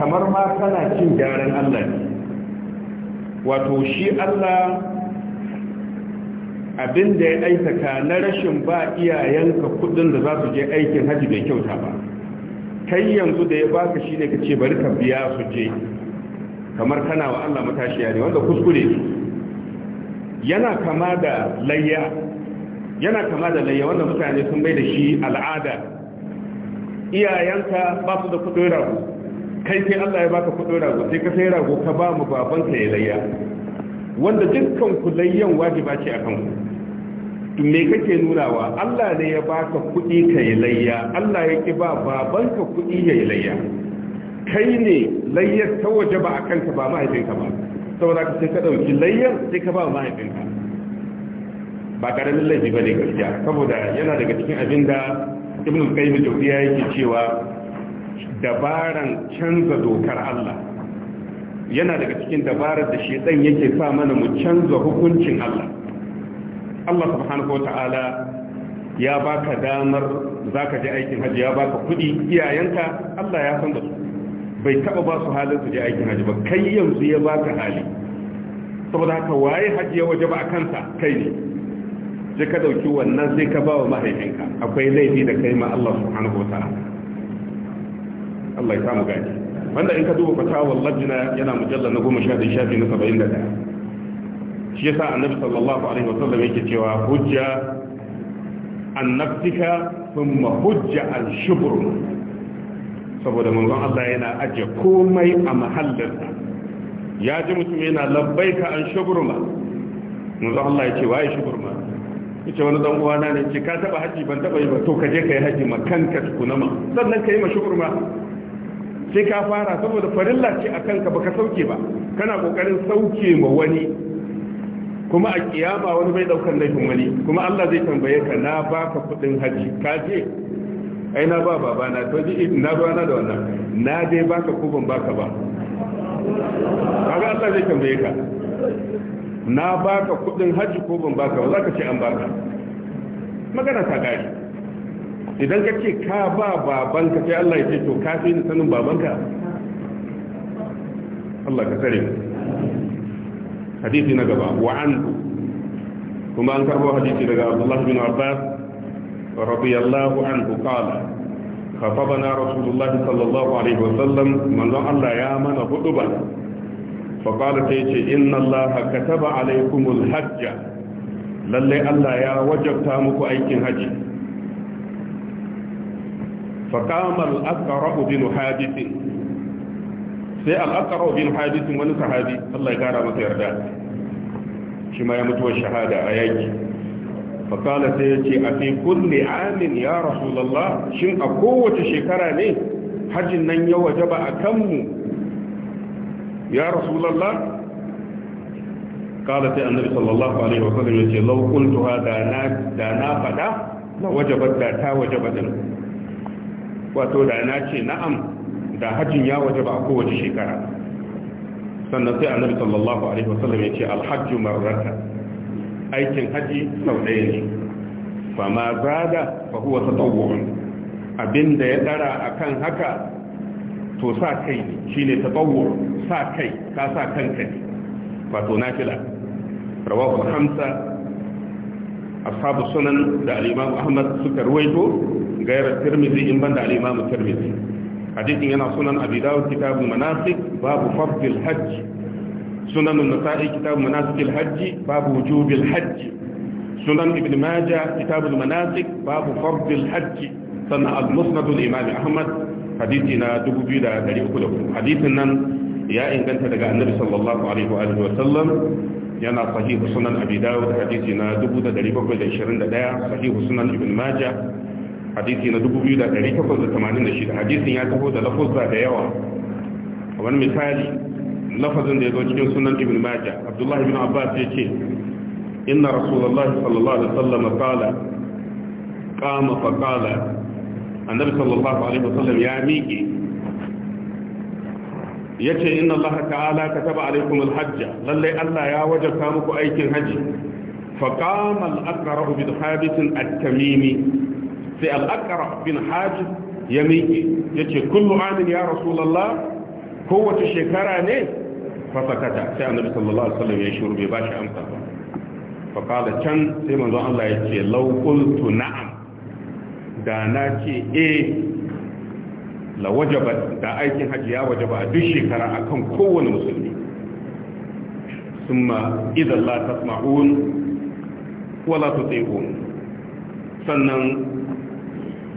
kamar ma kana cin gyaran Allah ne wato shi Allah abinda ya aikata na rashin ba iyayenka kudin da za su je aikin haji bai kyauta ba kai yanzu da ya baka shi shine kace bari ka biya su je kamar kana wa Allah matashiya ne wanda kuskure yana kama da layya yana kama da layya wanda mutane sun bai da shi al'ada iyayenka ba su da kudin rago kai sai Allah ya baka kudin rago sai ka sai rago ka ba mu babanka ya layya wanda dukkan ku layyan wajiba ce a kanku me kake nunawa Allah ne ya baka kuɗi ka yi layya Allah ya ki ba babanka kuɗi ya layya kai ne layyar ta waje ba a kanka ba mahaifinka ba saboda ka sai ka ɗauki layyar sai ka ba mahaifinka ba ƙaramin laifi ba ne gaskiya saboda yana daga cikin abin da ibn qayyim jawziya yake cewa dabaran canza dokar Allah yana daga cikin dabarar da shedan yake sa mana mu canza hukuncin Allah Allah subhanahu wataala ya baka damar zaka je aikin hajji ya baka kuɗi iyayenka Allah ya san da su bai taba ba su halin su je aikin Hajji ba kai yanzu ya baka hali saboda haka waye Hajji ya waje ba a kansa kai ne sai ka dauki wannan sai ka bawa mahaifinka akwai laifi da kai ma Allah subhanahu wa ta'ala Allah ya samu gaji wanda in ka duba fatawar lajina yana mujallar na goma sha biyu shafi na saba'in da ɗaya shi yasa annabi sallallahu alaihi wa wasallam yake cewa hujja an nafsika thumma hujja al shubrun saboda manzon Allah yana ajiye komai a mahallinsa ya ji mutum yana labbai ka an shugurma manzon Allah ya ce waye shugurma ya ce wani dan uwana ne ce ka taba haji ban taba yi ba to ka je ka yi haji ma kanka tukuna ma sannan ka yi ma shugurma sai ka fara saboda farilla ce a kanka baka sauke ba kana kokarin sauke ma wani kuma a kiyama wani bai daukar laifin wani kuma Allah zai tambaye ka na baka kudin haji ka je ai na ba baba na to ji na ba na da wannan na dai baka ko ban baka ba kaga Allah zai tambaye ka na baka kudin hajji ko ban baka ba zaka ce an baka magana ta gari idan ka ce ka ba ka sai Allah ya ce to ka fi ni sanin babanka Allah ka sare hadisi na gaba wa an kuma an karbo hadisi daga Abdullah bin Abbas رضي الله عنه قال خطبنا رسول الله صلى الله عليه وسلم من الله يا من خطبا فقال تيجي إن الله كتب عليكم الحج للي الله يا وجب تامك أيكن هجي فقام الأقرأ بن حادث sai al'akara bin hadisin wani sahabi Allah ya kara masa yarda shi ma ya mutuwa shahada a yaki fakala sai ya ce a fi kulli amin ya rasulallah shin a kowace shekara ne hajjin nan ya waje ba a kanmu ya rasulallah kala sai annabi sallallahu alaihi wa sallam ya ce laukun kuntuha da na fada na wajabat da ta waje din wato da na ce na'am da hajjin ya waje ba a kowace shekara sannan sai annabi sallallahu alaihi wa sallam ya ce alhajju marrata aikin haji sau ɗaya ne Ba ma zada fa huwa tatawwu'un abinda ya dara kan haka to sa kai ne ta tsawon sa kai ka sa to na wato Rawa rawahu hamsa a sabu sunan da al ahmad suka ruwaito gairar tirmidhi in ban da alimamu tirmidhi hadisin yana sunan abidawar dawud manasik babu fadl hajji. sunanun nasa'i kitab manasikil hajji babu wujubil hajji sunan ibn majah kitabul manasik babu fardil hajji sannan al-musnadul imam ahmad hadisi na 2304 hadisin nan ya inganta daga annabi sallallahu alaihi wa sallam yana sahihu sunan abi dawud hadisi na 1721 sahihu sunan ibn majah hadisi na 2886 hadisin ya taho da lafuzza da yawa kamar misali lafazin da ya zo cikin sunan ibn maja abdullah ibn abbas ya ce inna rasulullah sallallahu alaihi wasallam qala qama fa qala annabi sallallahu alaihi wasallam ya miƙe yace inna allaha ta'ala kataba alaikum alhajj lalle allah ya wajabta muku aikin haji fa qama al-aqra bi habith at-tamimi sai al-aqra bin hajj ya miƙe yace kullu amin ya rasulullah kowace shekara ne fasakata sai annabi sallallahu alaihi wasallam ya shiru bai bashi amsa ba fa qala can sai manzon Allah ya ce law qultu na'am da na ce eh la wajaba da aikin haji ya wajaba a duk shekara akan kowane musulmi summa idan la tasma'un wala tuti'un sannan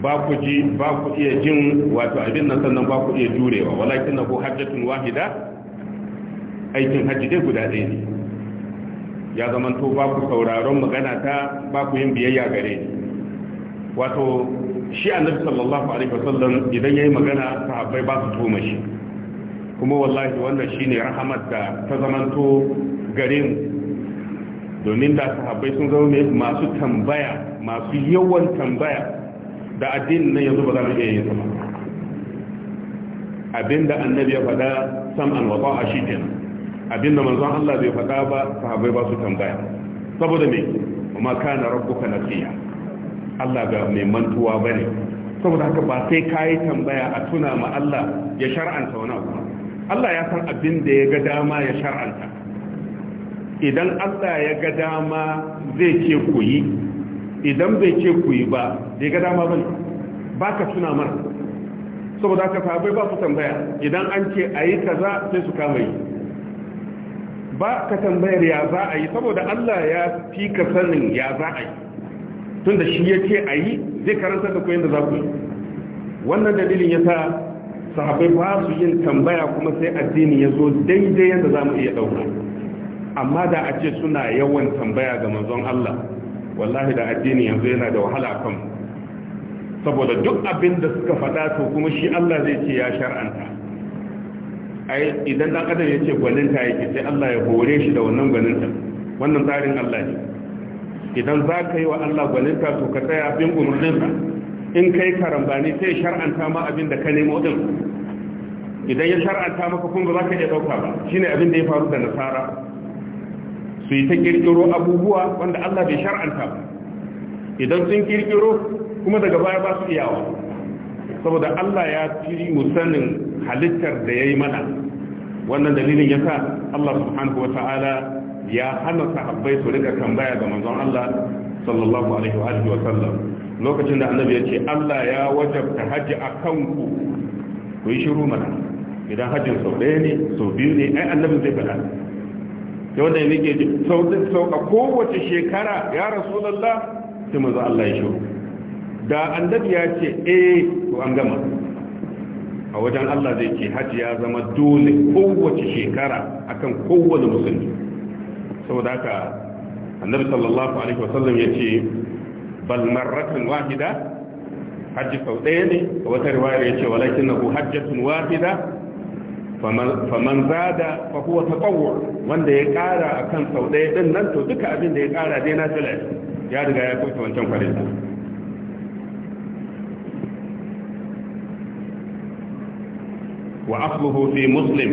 ba ku ji ba ku iya jin wato abin nan sannan ba ku iya jurewa walakin na ku hajjatun wahida aikin hajji dai guda ɗaya ne ya zama to ba ku sauraron magana ta ba ku yin biyayya gare ni wato shi nabi sallallahu alaihi wasallam idan yayi magana sahabbai ba su tuma shi kuma wallahi wannan shine rahamar da ta zamanto gare mu domin da sahabbai sun zama mai masu tambaya masu yawan tambaya da addinin nan yanzu ba za mu iya yin sa ba abinda annabi ya faɗa sam'an wa ta'a shi kenan abinda manzon Allah bai faɗa ba sahabbai ba su tambaya saboda me amma kana rabbuka nasiya Allah ga mai mantuwa bane saboda haka ba sai kai tambaya a tuna ma Allah ya shar'anta wani abu Allah ya san abin da ya ga dama ya shar'anta idan Allah ya ga dama zai ce ku yi idan bai ce ku yi ba bai ga dama bane baka tuna mar saboda haka sahabbai ba su tambaya idan an ce ayi kaza sai su kama yi ba ka tambayar ya za a yi saboda Allah ya fi ka sanin ya za a yi tun da shi ya a yi zai karanta da koyon da za ku yi wannan dalilin ya sa sahabai ba su yin tambaya kuma sai addini ya zo daidai yadda za mu iya ɗauka amma da a ce suna yawan tambaya ga manzon Allah wallahi da addini yanzu yana da wahala kan saboda duk abin da suka faɗa to kuma shi Allah zai ce ya shar'anta ai idan dan adam yace gwaninta yake sai Allah ya hore shi da wannan gwaninta wannan tsarin Allah ne idan za ka yi wa Allah gwaninta to ka tsaya bin umarninsa in kai karambani sai shar'anta ma abin da ka nemo din idan ya shar'anta maka kun ba za ka iya dauka ba shine abin da ya faru da nasara su yi ta kirkiro abubuwa wanda Allah bai shar'anta ba idan sun kirkiro kuma daga baya ba su iyawa saboda Allah ya fi musanin halittar da ya yi mana wannan dalilin ya sa Allah subhanahu wa ta'ala ya hana sahabbai su rika tambaya ga manzon Allah sallallahu alaihi wa sallam lokacin da annabi ya ce Allah ya wajabta haji a kanku ku yi shiru mana idan hajjin sau ɗaya ne sau biyu ne ai annabi zai faɗa sai wanda ya nike sau ɗin a kowace shekara ya rasu lalla sai maza Allah ya shiru da annabi ya ce eh to an gama a wajen Allah zai ce hajji ya zama dole kowace shekara akan kowane musulmi saboda haka annabi sallallahu alaihi wasallam ya ce bal marratun wahida hajji sau ɗaya ne a wata riwayar ya ce walakin na hajjatun wahida faman zada fa huwa tatawwu wanda ya kara akan sau ɗaya din nan to duka abin da ya kara dai na jira ya riga ya kauce wancan kwarin وأصله في مسلم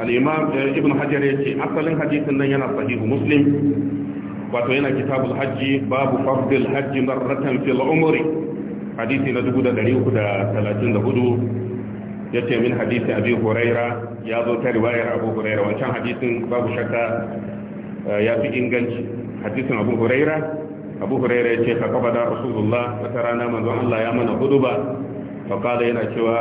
الإمام ابن حجر يتي أصل حديث أن ينا صحيح مسلم وتوينا كتاب الحج باب فضل الحج مرة في العمر حديث ندبو دا دليو دا ثلاثين دهدو يتي من حديث أبي هريرة يابو كرواية أبو هريرة وكان حديث باب شكا يأتي إنجلش حديث أبو هريرة أبو هريرة يتي فقبض رسول الله وترانا من الله يامن غدبا faƙada yana cewa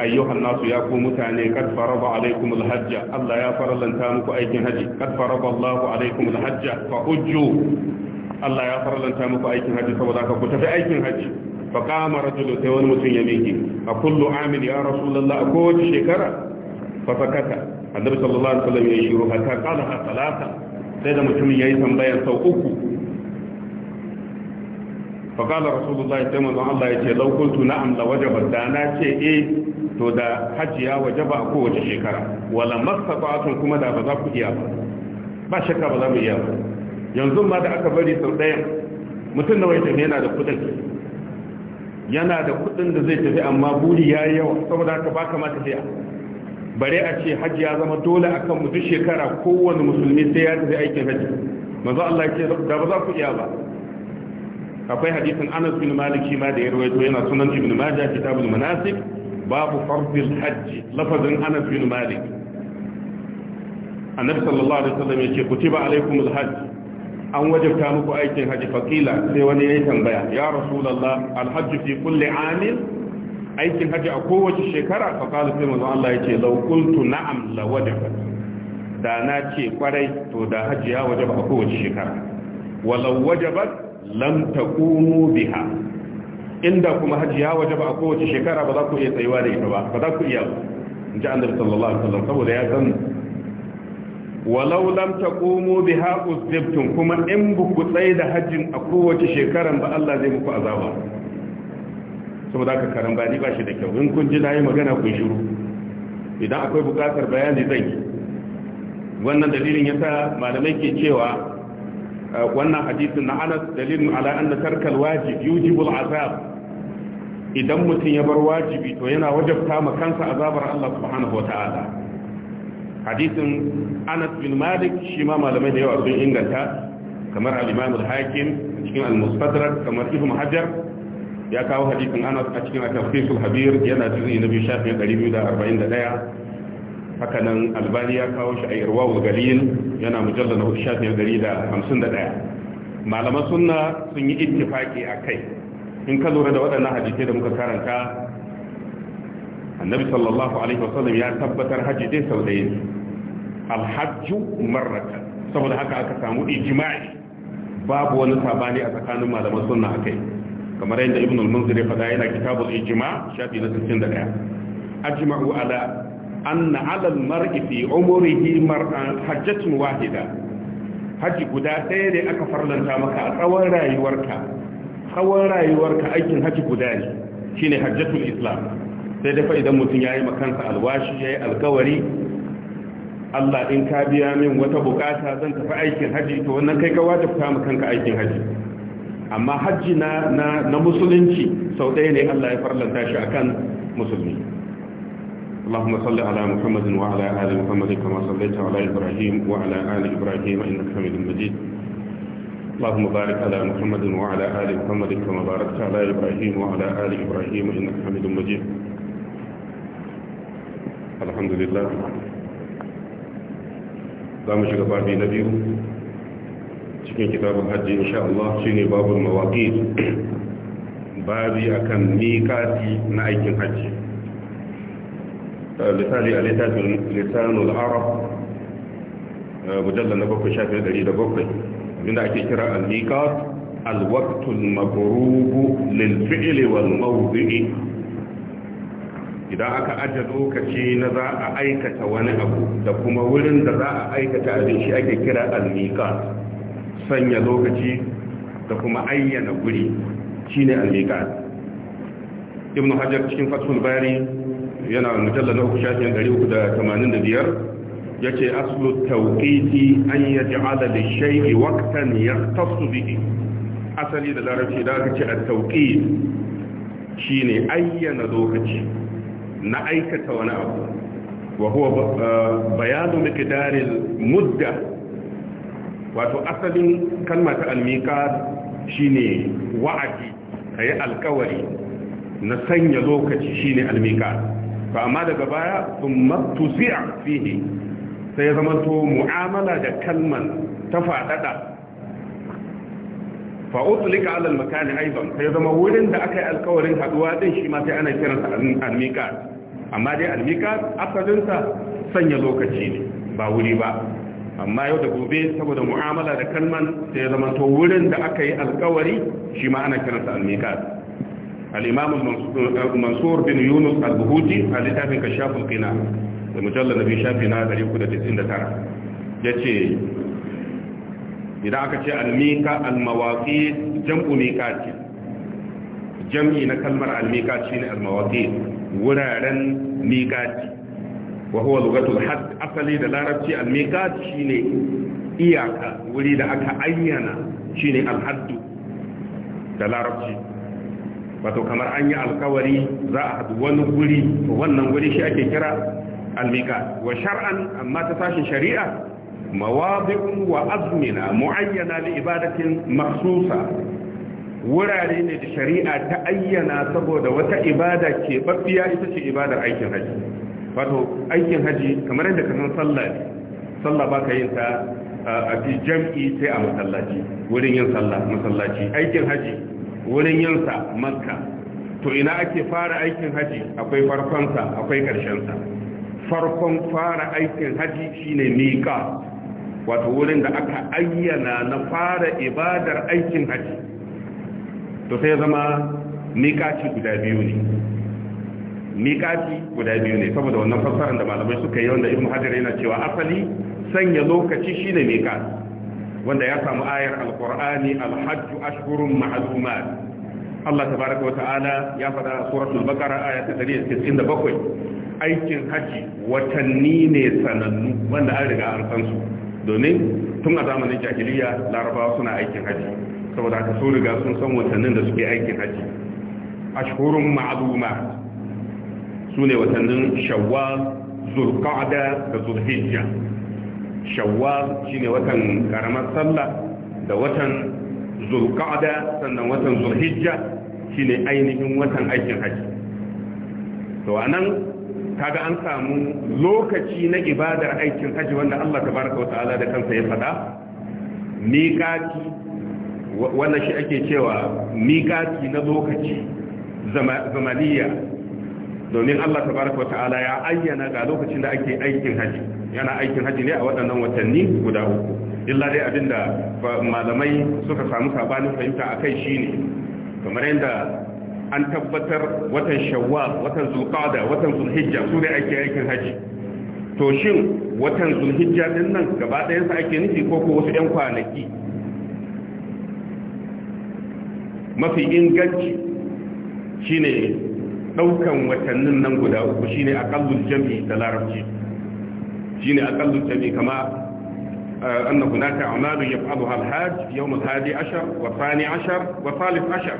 ayyuhan nasu ya ku mutane kad faraba alaikum alhajja Allah ya farallanta muku aikin haji kad faraba Allahu alaikum alhajja fa ujju Allah ya farallanta muku aikin haji saboda ka ku tafi aikin haji fa qama rajulu sai wani mutum ya miki a kullu amil ya rasulullah ko wace shekara fa sakata annabi sallallahu alaihi wasallam ya yi ruha ta qala salata sai da mutumin yayi tambayar sau uku faƙalar rasulullahi sai manzon Allah ya ce laukuntu na'am la wajaba da na ce eh to da hajji ya wajaba a kowace shekara wala mastata'atun kuma da ba za ku iya ba ba shakka ba za mu iya ba yanzu ma da aka bari sau ɗaya mutum nawa yake yana da kuɗin yana da kuɗin da zai tafi amma buri ya yi yawa saboda haka ba kamata tafiya bare a ce hajji ya zama dole akan mu shekara kowane musulmi sai ya tafi aikin hajji manzo Allah ya ce da ba za ku iya ba akwai hadisin Anas bin Malik shi ma da ya rawaito yana sunan Ibn Majah kitabul manasik babu fardil hajji lafazin Anas bin Malik annabi sallallahu alaihi wasallam yace kutiba 'Alaikum hajj an wajabta muku aikin haji faqila sai wani yayi tambaya ya rasulullah alhajj fi kulli amin aikin haji a kowace shekara faqala sai manzo Allah yace law qultu na'am la wajabat da na ce kwarai to da haji ya wajaba a kowace shekara walau wajabat lam taqumu biha inda kuma haji ya wajaba a kowace shekara ba za ku iya tsayuwa da ita ba ba za ku iya in ji annabi sallallahu alaihi wasallam saboda ya san walau lam taqumu biha uzibtum kuma in bu ku tsaye da hajjin a kowace shekaran ba Allah zai muku azaba saboda ka karan ba ni ba shi da kyau in kun ji nayi magana kun shiru idan akwai bukatar bayani zan yi wannan dalilin yasa malamai ke cewa wannan hadisin na anas dalilin ala anna tarkal wajib yujibul azab idan mutum ya bar wajibi to yana wajabta ma kansa azabar Allah subhanahu wataala hadisin anas bin malik shi ma malamai da yawa sun inganta kamar al-imam al-hakim cikin al-mustadrak kamar ibn hajar ya kawo hadisin anas a cikin at-tafsir al-habir yana cikin nabi shafin 241 haka nan albani ya kawo shi a irwawul galil yana mujallar na shafin dari da hamsin da ɗaya malaman suna sun yi ittifaki a kai in ka lura da waɗannan hadisai da muka karanta annabi sallallahu alaihi wasallam ya tabbatar haji dai sau da yin alhajju marrata saboda haka aka samu ijima'i, babu wani sabani a tsakanin malaman suna a kai. kamar yadda ibn al-munzir ya faɗa yana kitabul ijma' shafi na 61 ajma'u ala anna alal mar'i fi umrihi mar'an hajjatun wahida haji guda ɗaya ne aka farlanta maka a tsawon rayuwarka tsawon rayuwarka aikin haji guda ne shine hajjatul islam sai dafa idan mutum yayi makansa alwashi yayi alkawari Allah in ka biya min wata bukata zan tafi aikin haji to wannan kai ka wajabta mu kanka aikin haji amma haji na na, musulunci sau ɗaya ne Allah ya farlanta shi akan musulmi اللهم صل على محمد وعلى آل محمد كما صليت على إبراهيم وعلى آل إبراهيم إنك حميد مجيد اللهم بارك على محمد وعلى آل محمد كما باركت على إبراهيم وعلى آل إبراهيم إنك حميد مجيد الحمد لله zamu shiga babi na biyu cikin kitabun hajji insha Allah shine babul mawaqit babi akan miqati na aikin hajji misali a littafin lisanul arab mujalla na bakwai shafi ɗari da bakwai abinda ake kira al-miqat al-waqtul mabrubu lil fi'li wal mawdi'i idan aka ajiye lokaci na za a aikata wani abu da kuma wurin da za a aikata abin shi ake kira al-miqat sanya lokaci da kuma ayyana guri shine al-miqat ibn hajar cikin fathul bayani. yana mujalla na uku shafin ɗari uku da tamanin da biyar ya ce asulu tauƙiti an ya ji'ada da shai'i waktan ya tasu bihi asali da larabci da aka ce a tauƙi shi ne ayyana lokaci na aikata wani abu wa huwa eh, bayanu miqdaril mudda wato asalin kalmar ta almiqat shine wa'adi yi alkawari na sanya lokaci shi ne almiqat ba amma daga baya sun matusiya fihi sai ya zama to mu'amala da kalman ta faɗaɗa fa'utulika alal makani aiban sai ya zama wurin da aka yi alkawarin haɗuwa ɗin shi ma sai ana kiransa almikar amma dai almika asalinsa sanya lokaci ne ba wuri ba amma yau da gobe saboda mu'amala da kalman sai ya zama to wurin da aka yi alkawari shi ma ana kiransa almika al-imam mansur bin yunus al-buhuti a littafin kashafin qina da mujallar nabi shafi na 399 yace idan aka ce al-mika al-mawaqi jam'u miqati jam'i na kalmar al-miqati shine al-mawaqi wuraren miqati wa huwa lugatul asali da larabci al-miqati iyaka wuri da aka ayyana shine al da larabci wato kamar an yi alkawari za a haɗu wani guri wannan guri shi ake kira almika wa shar'an amma ta sashin shari'a mawazi'un wa azmina muayyana li ibadatin makhsusa wurare ne da shari'a ta ayyana saboda wata ibada ke babbiya ita ce ibadar aikin haji wato aikin haji kamar yadda ka san sallah ne sallah ba ka yin ta a fi jam'i sai a masallaci wurin yin sallah masallaci aikin haji wurin yinsa makka to ina ake fara aikin haji akwai farkonsa akwai sa, farkon fara aikin haji shine miƙa wato wurin da aka ayyana na fara ibadar aikin haji to sai zama miƙaci guda biyu ne miƙaci guda biyu ne saboda wannan fassarar da malamai suka yi wanda ibn hajar yana cewa asali sanya lokaci shine miƙaci wanda ya samu ayar alkur'ani alhajju ashhurun ma'lumat Allah tabaaraka wa ta'ala ya faɗa suratul baqara aya ta aikin haji watanni ne sanannu wanda an riga an san su domin tun a zamanin jahiliya larabawa suna aikin haji saboda haka sun riga sun san watannin da suke aikin haji ashhurun ma'lumat sune watannin shawwal zulqa'da da zulhijja shawwal shine watan karamar sallah da watan zulqa'da sannan watan zulhijja shine ainihin watan aikin haji to anan kaga an samu lokaci na ibadar aikin haji wanda Allah wa ta'ala da kansa ya faɗa miqati wannan shi ake cewa miqati na lokaci zamaniya domin Allah wa ta'ala ya ayyana ga lokacin da ake aikin haji yana aikin haji ne a waɗannan watanni guda uku illa dai abinda malamai suka samu sabanin fahimta a akai shine kamar yadda an tabbatar watan Shawwa, watan zulqa'da watan zulhijja su ne ake aikin haji to shin watan zulhijja din nan gaba ɗayan sa ake nufi ko ko wasu ƴan kwanaki mafi inganci shine daukan watannin nan guda uku shine aqallul jam'i da larabci shine aqallu tabi kama أن هناك أعمال يفعلها الحاج يوم الحادي Ashar, والثاني Ashar, والثالث Ashar.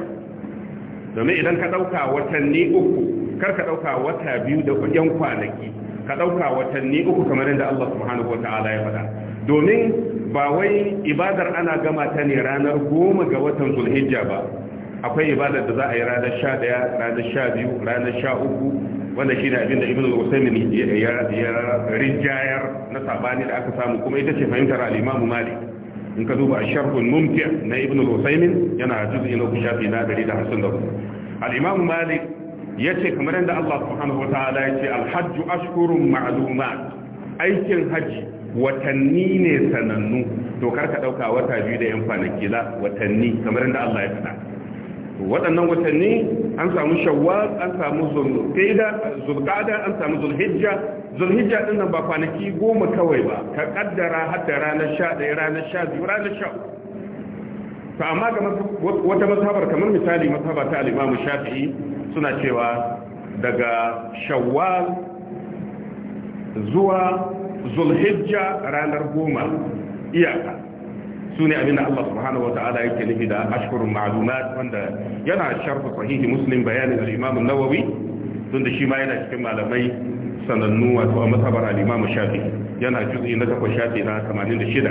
domin idan ka ɗauka watanni uku kar ka ɗauka wata biyu da kuɗin kwanaki ka ɗauka watanni uku kamar yadda Allah subhanahu wa ta'ala ya faɗa domin ba wai ibadar ana gama ta ne ranar goma ga watan zulhijja ba akwai ibadar da za a yi ranar sha ɗaya ranar sha biyu ranar sha uku wanda shi ne abinda ibn al-usaymin ya rijayar na sabani da aka samu kuma ita ce fahimtar al-imamu malik in ka duba sharhul mumti na ibn al-usaymin yana juz'i na shafi na 154 al-imamu malik yace kamar yadda Allah subhanahu wataala yace al-hajj ashhurun ma'lumat aikin haji watanni ne sanannu to karka dauka wata biyu da yan kwanaki la watanni kamar yadda Allah ya faɗa waɗannan watanni an samu shawwal an samu zulqa'da an samu zulhijja zulhijja din nan ba kwanaki 10 kawai ba ka kaddara hatta ranar 11 ranar 12 ranar 13 to amma ga wata mazhabar kamar misali mazhaba ta al-Imam Shafi'i suna cewa daga shawwal zuwa zulhijja ranar 10 iyaka su ne abinda Allah subhanahu wa ta'ala yake nufi da ashkurun ma'lumat wanda yana sharhu sahihi muslim bayanin al-imam an-nawawi tun da shi ma yana cikin malamai sanannu wato a masabar al shafi yana juz'i na takwas shafi na 86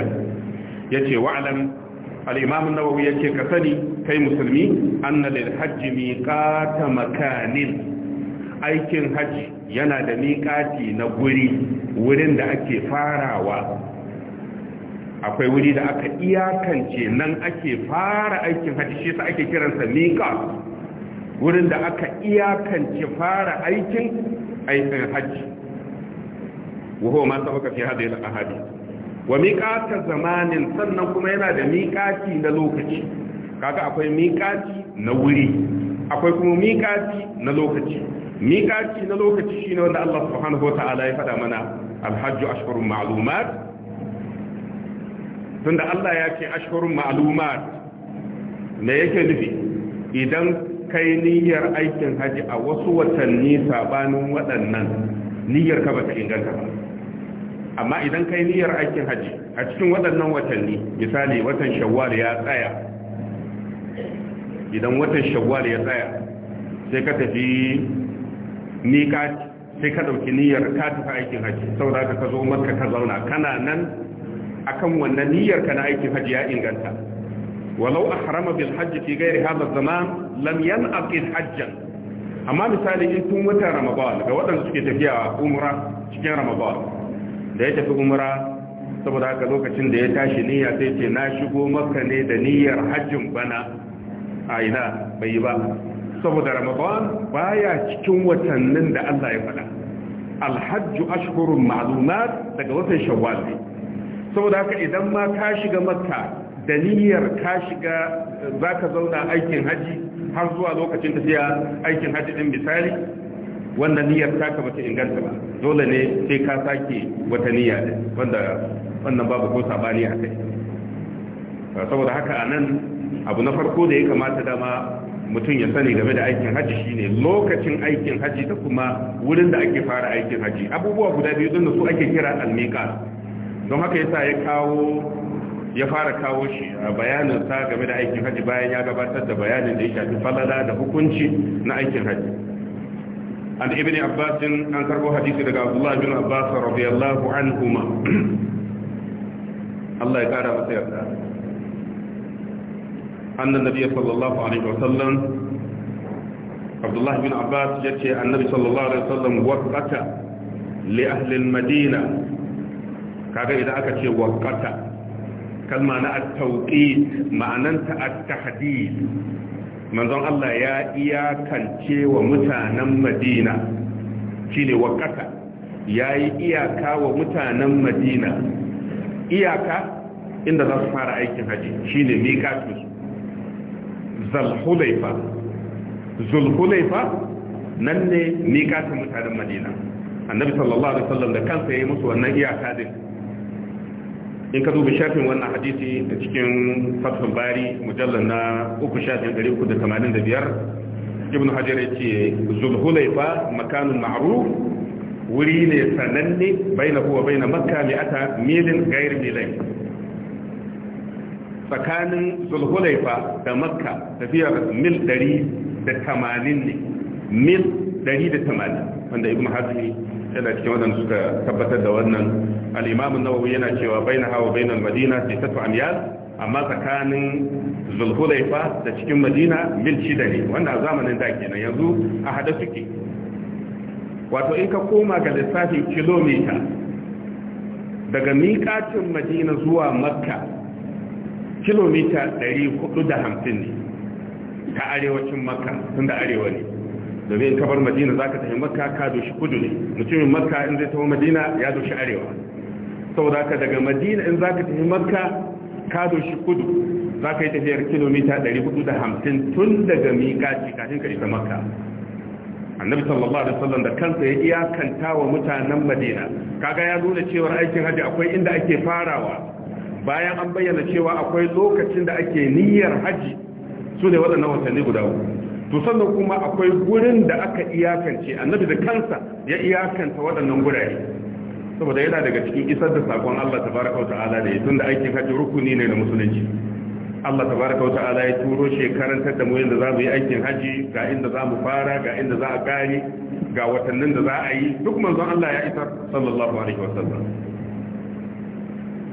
yace wa'lam al-imam an-nawawi yace ka sani kai musulmi anna lil hajji miqata makanin aikin hajji yana da miƙati na guri wurin da ake farawa akwai wuri da aka iyakance nan ake fara aikin hajji shi sa ake kiransa miƙa wurin da aka iyakance fara aikin aikin hajji wuhu ma sabaka fi hadhihi al-ahadi wa miqata zamanin sannan kuma yana da miƙaci na lokaci kaga akwai miƙaci na wuri akwai kuma miƙaci na lokaci miƙaci na lokaci shine wanda Allah subhanahu wa ta'ala ya faɗa mana al-hajju ashhurun ma'lumat tunda Allah ya ce ashhurun ma'lumat me yake nufi idan kai niyyar aikin haji a wasu watanni sabanin waɗannan niyyar ka bata inganta ba amma idan kai niyyar aikin haji a cikin waɗannan watanni misali watan shawwal ya tsaya idan watan shawwal ya tsaya sai ka tafi ka sai ka ɗauki niyyar ka tafi aikin haji saboda ka zo makka ka zauna kana nan akan wannan niyyar ka na aikin hajji ya inganta walau ahrama bil hajji fi ghairi hadha zama lam yanqid hajjan amma misali in tun watan ramadan ga waɗanda suke tafiya umra cikin ramadan da ya tafi umra saboda haka lokacin da ya tashi niyya sai ce na shigo maka ne da niyyar hajjin bana a ina bai yi ba saboda ramadan baya cikin watannin da Allah ya faɗa alhajju ashhurun ma'lumat daga watan shawwal ne saboda haka idan ma ka shiga makka da niyyar ka shiga za ka zauna aikin haji har zuwa lokacin tafiya aikin haji din misali wanda niyyar ta ka bata inganta ba dole ne sai ka sake wata niyya wanda wannan babu ko sabani a kai saboda haka a nan abu na farko da ya kamata dama mutum ya sani game da aikin haji shine lokacin aikin haji da kuma wurin da ake fara aikin haji abubuwa guda biyu din da su ake kira almiqat don haka yasa ya kawo ya fara kawo shi a bayanin sa game da aikin haji bayan ya gabatar da bayanin da ya shafi falala da hukunci na aikin haji an ibn abbas an karbo hadisi daga abdullah bin abbas radiyallahu Allah ya kara masa yarda annan nabi sallallahu alaihi wasallam abdullah bin abbas yace annabi sallallahu alaihi wasallam waqata li ahli al-madina kaga idan aka ce waqata kalma na at-tawqit ma'ananta at-tahdid manzon Allah ya iyakance wa mutanen Madina shine waqata yayi iyaka wa mutanen Madina iyaka inda za su fara aikin haji shine miqatus zalhulaifa zulhulaifa nan ne miqatin mutanen Madina annabi sallallahu alaihi wasallam da kansa yayi musu wannan iyaka din in ka duba shafin wannan hadisi da cikin fathul bari mujallar na uku shafin 385 ibn hajar yace zulhulaifa makanun ma'ruf wuri ne sananne baina huwa baina makka mi ata milin gair milai tsakanin zulhulaifa da makka tafiyar mil 180 ne mil 180 wanda ibn hazmi yana cikin wannan suka tabbatar da wannan alimamin imam nawawi yana cewa baina hawa baina al-madina sitatu amyal amma tsakanin zulhulaifa da cikin madina mil shida ne wannan zamanin da nan yanzu a hada suke wato in ka koma ga lissafin kilomita daga miƙacin madina zuwa makka kilomita 450 ne ta arewacin makka tun da arewa ne domin in ka bar madina za ka tafi makka ka doshi kudu ne mutumin makka in zai tafi madina ya doshi arewa saboda ka daga madina in za ka tafi makka ka doshi kudu za ka yi tafiyar kilomita 450 tun daga miƙaci kafin ka isa makka annabi sallallahu alaihi wasallam da kansa ya iyakanta wa mutanen madina kaga ya nuna cewa aikin haji akwai inda ake farawa bayan an bayyana cewa akwai lokacin da ake niyyar haji su ne waɗannan watanni guda uku to sannan kuma akwai gurin da aka iyakance annabi da kansa ya iyakanta waɗannan gurare saboda yana daga cikin isar da sakon Allah tabaraka wata'ala da tunda aikin haji rukuni ne na musulunci Allah tabaraka wata'ala ya turo shi karantar da mu yadda za mu yi aikin haji ga inda za mu fara ga inda za a kare ga watannin da za a yi duk manzon Allah ya isar sallallahu alaihi wasallam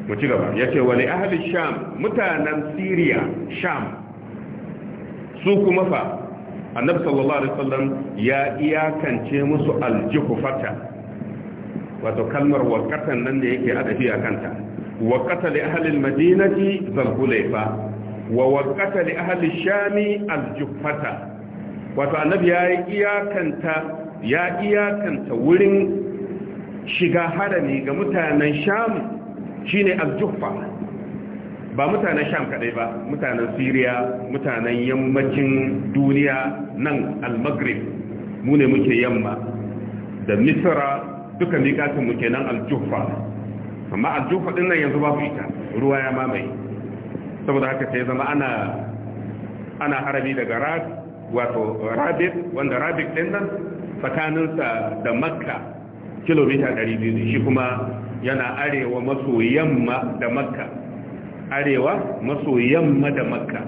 mu ci gaba yace wa li ahli sham mutanen Syria sham su kuma fa annabi sallallahu alaihi wasallam ya iyakance musu aljuhfata wato kalmar waqatan nan da yake adafi a kanta waqata li ahli almadinati zalhulayfa wa waqata li ahli shami aljuhfata wato annabi ya iyakanta ya iyakanta wurin shiga harami ga mutanen sham shine aljihufata ba mutanen sham kadai ba mutanen Siriya, mutanen yammacin duniya nan al-maghrib mu ne muke yamma da misra duka mikatin muke nan al-juhfa amma al-juhfa din nan yanzu ba su ita ruwa ya mamaye saboda haka sai zama ana ana harami daga rad wato rabit wanda rabit din nan tsakaninsa da makka kilomita 200 shi kuma yana arewa maso yamma da makka arewa maso yamma da makka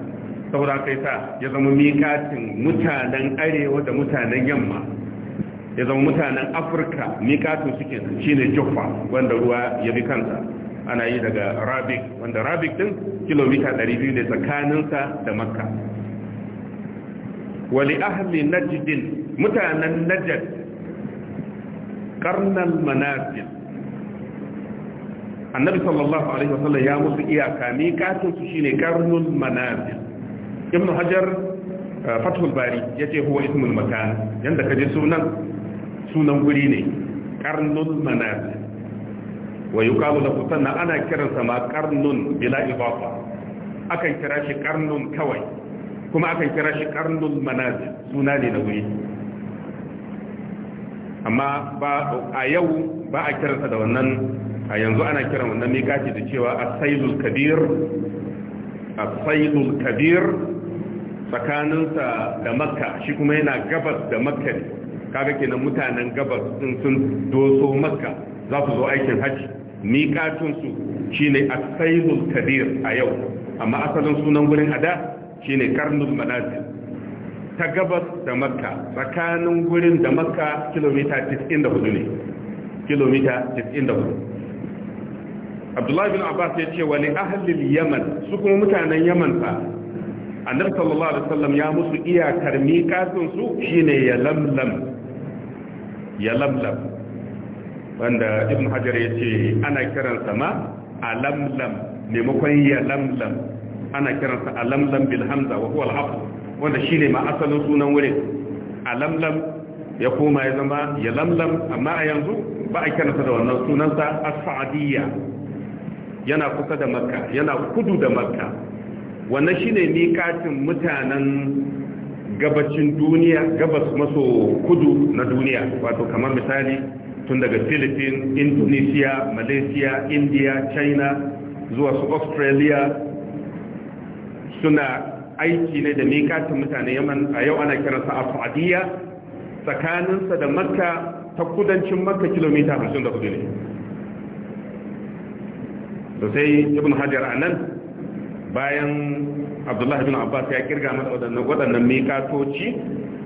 saura kai sa ya zama mikatin mutanen arewa da mutanen yamma ya zama mutanen afirka mikatin suke ne jufa wanda ruwa ya bi kansa ana yi daga rabik wanda rabik din kilomita 200 ne tsakaninsa da makka wali ahli najdin mutanen najd karnal manazil annabi sallallahu alaihi wasallam ya musu iyaka miƙatin su shine karnul manazil ibn hajar eh, fathul bari yace huwa ismul makan yanda kaje sunan sunan guri ne karnul manazil wa yuqalu lahu sannan ana kiransa ma karnun bila idafa akan kira shi karnun kawai kuma akan kira shi karnul manazil suna ne na wuri amma ba a yau ba a kiransa da wannan a yanzu ana kiran wannan miƙati da cewa asaidul kabir asaidul kabir tsakaninsa da makka shi kuma yana gabas da makka ne kaga kenan mutanen gabas sun sun doso makka za su zo aikin hajji miƙatinsu shine asaidul kabir a yau amma asalin sunan gurin ada shine karnul manazil ta gabas da makka tsakanin gurin da makka kilomita 94 ne kilomita 94 abdullahi bin abbas ya ce wani li ahlil yaman su kuma mutanen yaman fa annabi sallallahu alaihi wasallam ya musu iyakar miƙatun su shine ya lamlam ya lamlam wanda ibn hajar ya ce ana kiransa ma a lamlam maimakon ya lamlam ana kiransa a lamlam bil hamza wa huwa al-hafs wanda shine ma asalin sunan wurin a lamlam ya koma ya zama ya lamlam amma a yanzu ba a kiransa da wannan sunansa as-sa'diyya yana kusa da makka yana kudu da makka wannan shine mikatin mutanen gabacin duniya gabas maso kudu na duniya wato kamar misali tun daga philippines indonesia malaysia india china zuwa su australia suna aiki ne da mikatin mutane yaman a yau ana kiransa a fa'adiyya tsakaninsa da makka ta kudancin makka kilomita 54 ne to sai ibn hajar nan bayan abdullahi bin abbas ya kirga masa waɗannan miƙatoci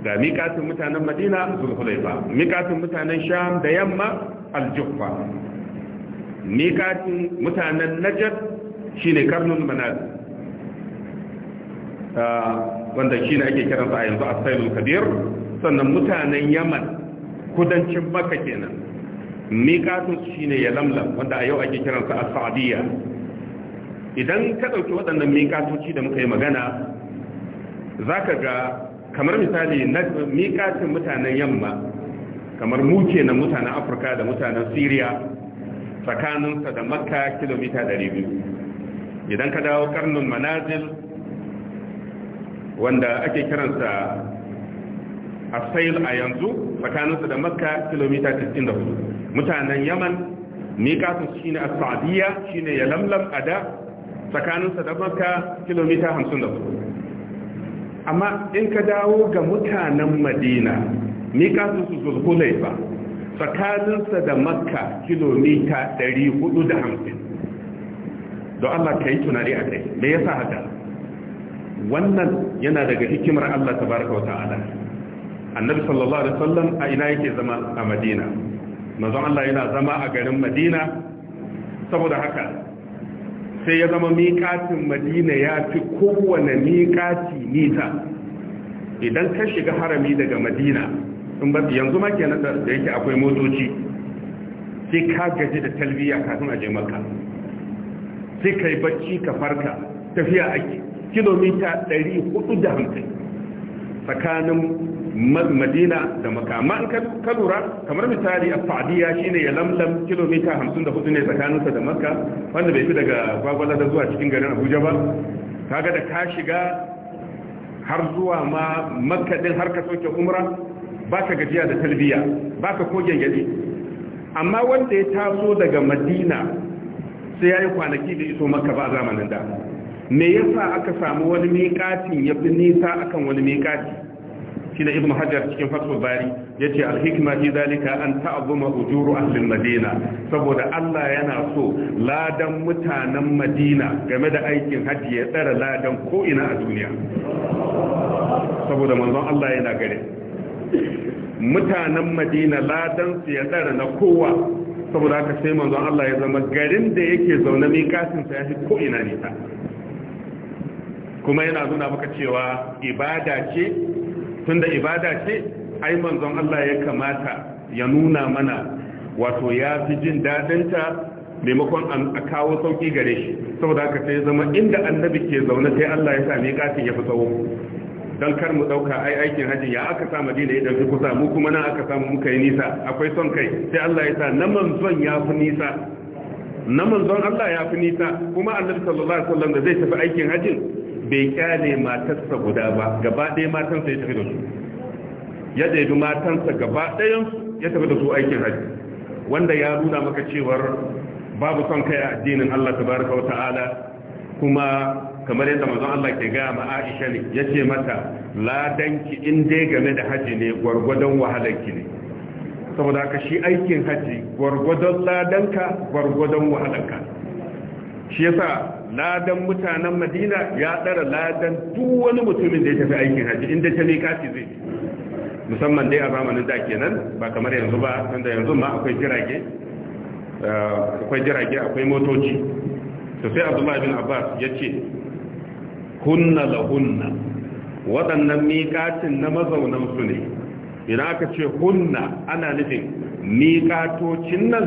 ga miƙatin mutanen madina zulhulaifa miƙatin mutanen sham da yamma aljuffa miƙatin mutanen najar shine karnun manazil ah, wanda shine ake kiransa a yanzu asailul kabir sannan mutanen yaman kudancin makka kenan miƙatun shine ya lamlam wanda a yau ake kiransa a sa'adiyya idan ka ɗauki waɗannan mikatoci da muka yi magana za ka ga kamar misali na miƙatin mutanen yamma kamar muke na mutanen afirka da mutanen syria tsakaninsa da makka kilomita 200 idan ka dawo karnin manazil wanda ake kiransa a sayil a yanzu tsakaninsa da makka kilomita 64 mutanen yaman miƙasun shi ne a sa'adiyya shi ne ya lamlam a da tsakaninsa da maka kilomita 54 amma in ka dawo ga mutanen madina miƙasun su zulhulai ba tsakaninsa da maka kilomita 450 don allah ka yi tunani a kai me yasa haka wannan yana daga hikimar allah ta baraka wa ta'ala annabi sallallahu alaihi wasallam a ina yake zama a madina manzon Allah yana zama a garin Madina saboda haka sai ya zama miƙatin Madina ya fi kowane miƙaci nita idan ka shiga harami daga Madina in ba yanzu ma kenan da yake akwai motoci sai ka gaji da talbiya kafin a je Makka sai kai bacci ka farka tafiya ake kilomita 450 tsakanin madina da maka amma in ka lura kamar misali a fadiya shine ya lamlam kilomita hamsin hudu ne tsakaninsa da makka wanda bai fi daga gwagwala da zuwa cikin garin abuja ba kaga da ka shiga har zuwa ma makka har ka soke umra ba ka gajiya da talbiya ba ka kogen gadi amma wanda ya taso daga madina sai ya yi kwanaki da iso makka ba a zamanin da me yasa aka samu wani miƙatin ya fi nisa akan wani miƙati shi da ibn hajar cikin fatul bari ya ce alhikima fi zalika an ta'azzuma ujuru ahlil madina saboda Allah yana so ladan mutanen madina game da aikin hajji ya tsara ladan ko ina a duniya saboda manzon Allah yana gare mutanen madina ladan su ya tsara na kowa saboda haka sai manzon Allah ya zama garin da yake zaune miƙasin sa ya ko ina ne kuma yana nuna maka cewa ibada ce tunda ibada ce ai manzon Allah ya kamata ya nuna mana wato ya fi jin dadinta maimakon a kawo sauki gare shi saboda haka sai zama inda annabi ke zaune sai Allah ya sami kafin ya fi tsawo don kar mu dauka ai aikin haji ya aka sa madina ya dauki kusa mu kuma nan aka samu muka yi nisa akwai son kai sai Allah ya sa na manzon ya fi nisa na manzon Allah ya fi nisa kuma annabi sallallahu alaihi wasallam da zai tafi aikin hajin bai kyale matarsa guda ba gaba ɗaya matansa ya tafi da su ya daidu matansa gaba ɗayansu ya tafi da su aikin hajji wanda ya nuna maka cewar babu son kai a addinin Allah tabaraka wa ta'ala kuma kamar yadda manzon Allah ke gaya ma Aisha ne ce mata ladanki in dai game da haji ne gwargwadon wahalarki ne saboda haka shi aikin haji gwargwadon ladanka gwargwadon wahalarka shi yasa ladan mutanen madina ya tsara ladan duk wani mutumin da ya tafi aikin haji inda ta ne kaci zai musamman dai a zamanin da kenan ba kamar yanzu ba tunda yanzu ma akwai jirage eh, akwai jirage akwai motoci to sai abdullahi bin abbas ya ce kunna la hunna waɗannan miƙatin na mazaunan su ne idan aka ce hunna ana nufin miƙatocin nan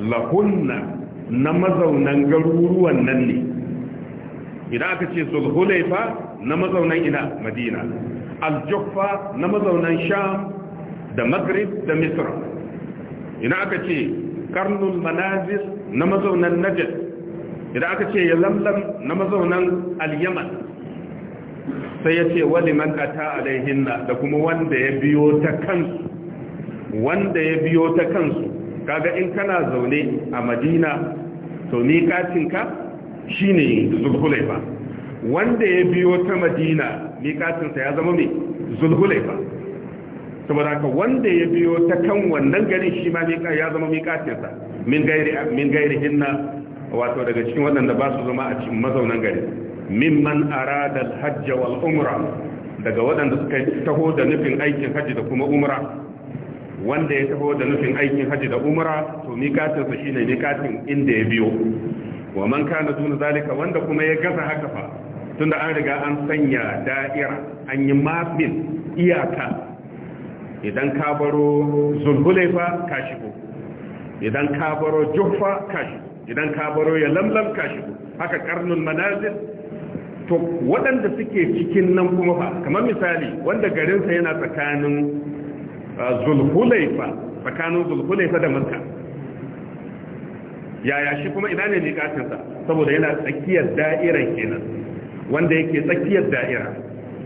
la lahunna na mazaunan garuruwan nan ne idan aka ce zulhulaifa na mazaunan ina madina aljuffa na mazaunan sham da maghrib da misr idan aka ce karnul manazis na mazaunan najd idan aka ce yalamlam na mazaunan al-yaman sai ya ce wali man ata alaihinna da kuma wanda ya biyo ta kansu wanda ya biyo ta kansu kaga in kana zaune a madina to shi ne zulhulaifa wanda ya biyo ta madina katinsa ya zama mai zulhulaifa saboda haka wanda ya biyo ta kan wannan gari shi ma ya zama katinsa, min gairi hinna wato daga cikin waɗanda ba su zama a cikin mazaunan gari min man ara da wal umra daga waɗanda suka taho da nufin aikin hajji da kuma umra wanda ya taho da nufin aikin haji da umra to miƙatin sa shine mikatin inda ya biyo wa man kana dun zalika wanda kuma ya gaza haka fa tunda an riga an sanya da'ira an yi mafin iyaka idan ka baro zulhulaifa ka shigo idan ka baro juffa ka shigo idan ka baro ya lamlam ka shigo haka karnun manazil to waɗanda suke cikin nan kuma fa kamar misali wanda garinsa yana tsakanin zulhulaifa tsakanin zulhulaifa da makka yaya shi kuma ina ne miƙatinsa saboda yana tsakiyar da'irar kenan wanda yake tsakiyar da'ira